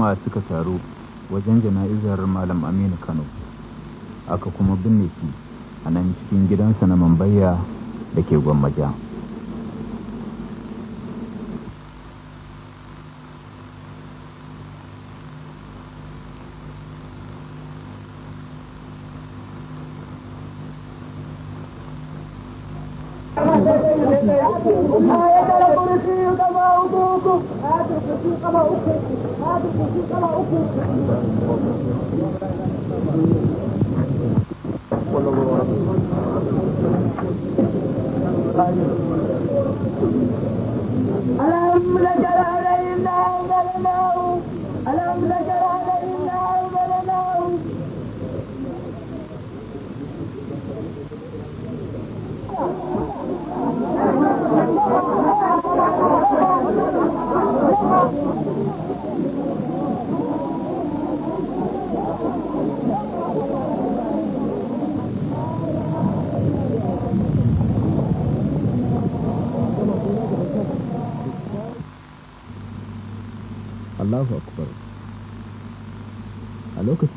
jama'a suka taru wajen jana'izar malam aminu kano aka kuma binne shi a nan cikin gidansa na mambayya da ke gwammaja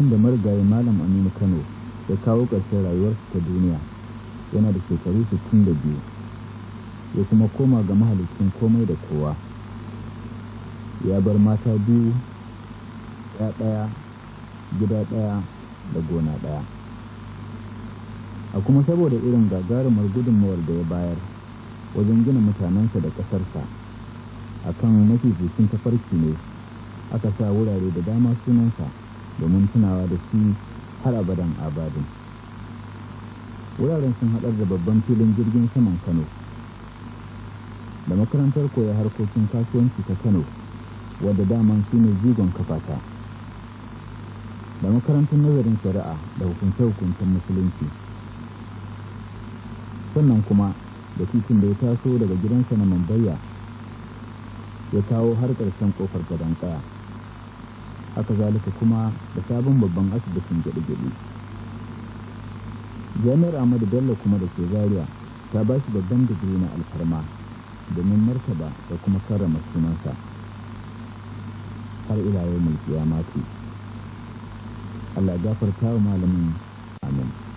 da marigayi malam aminu kano ya kawo ƙarshen rayuwarsa ta duniya yana da shekaru da biyu ya kuma koma ga mahalicin komai da kowa ya bar mata biyu ya ɗaya gida ɗaya da gona ɗaya a kuma saboda irin gagarumar gudunmawar da ya bayar wajen gina mutanensa da ƙasarsa a kan mafi tafarki ne aka sa wurare da dama sunansa domin tunawa da shi har abadan abadin wuraren sun haɗar da babban filin jirgin saman kano da makarantar koya harkokin kasuwanci ta kano wadda daman su ne zigon kafata da makarantar nazarin shari'a da hukunce-hukuncen musulunci sannan kuma da titin da ya taso daga gidansa na mambayya ya kawo har ƙarshen ƙofar gadon ƙaya haka zalika kuma da sabon babban asibitin gyaɗe-gyaɗe jami'ar ahmadu bello kuma da ke zaria ta ba shi babban digiri na alfarma domin martaba da kuma karrama sunansa har ila yau mai kiyama Allah gafarta wa malamin amin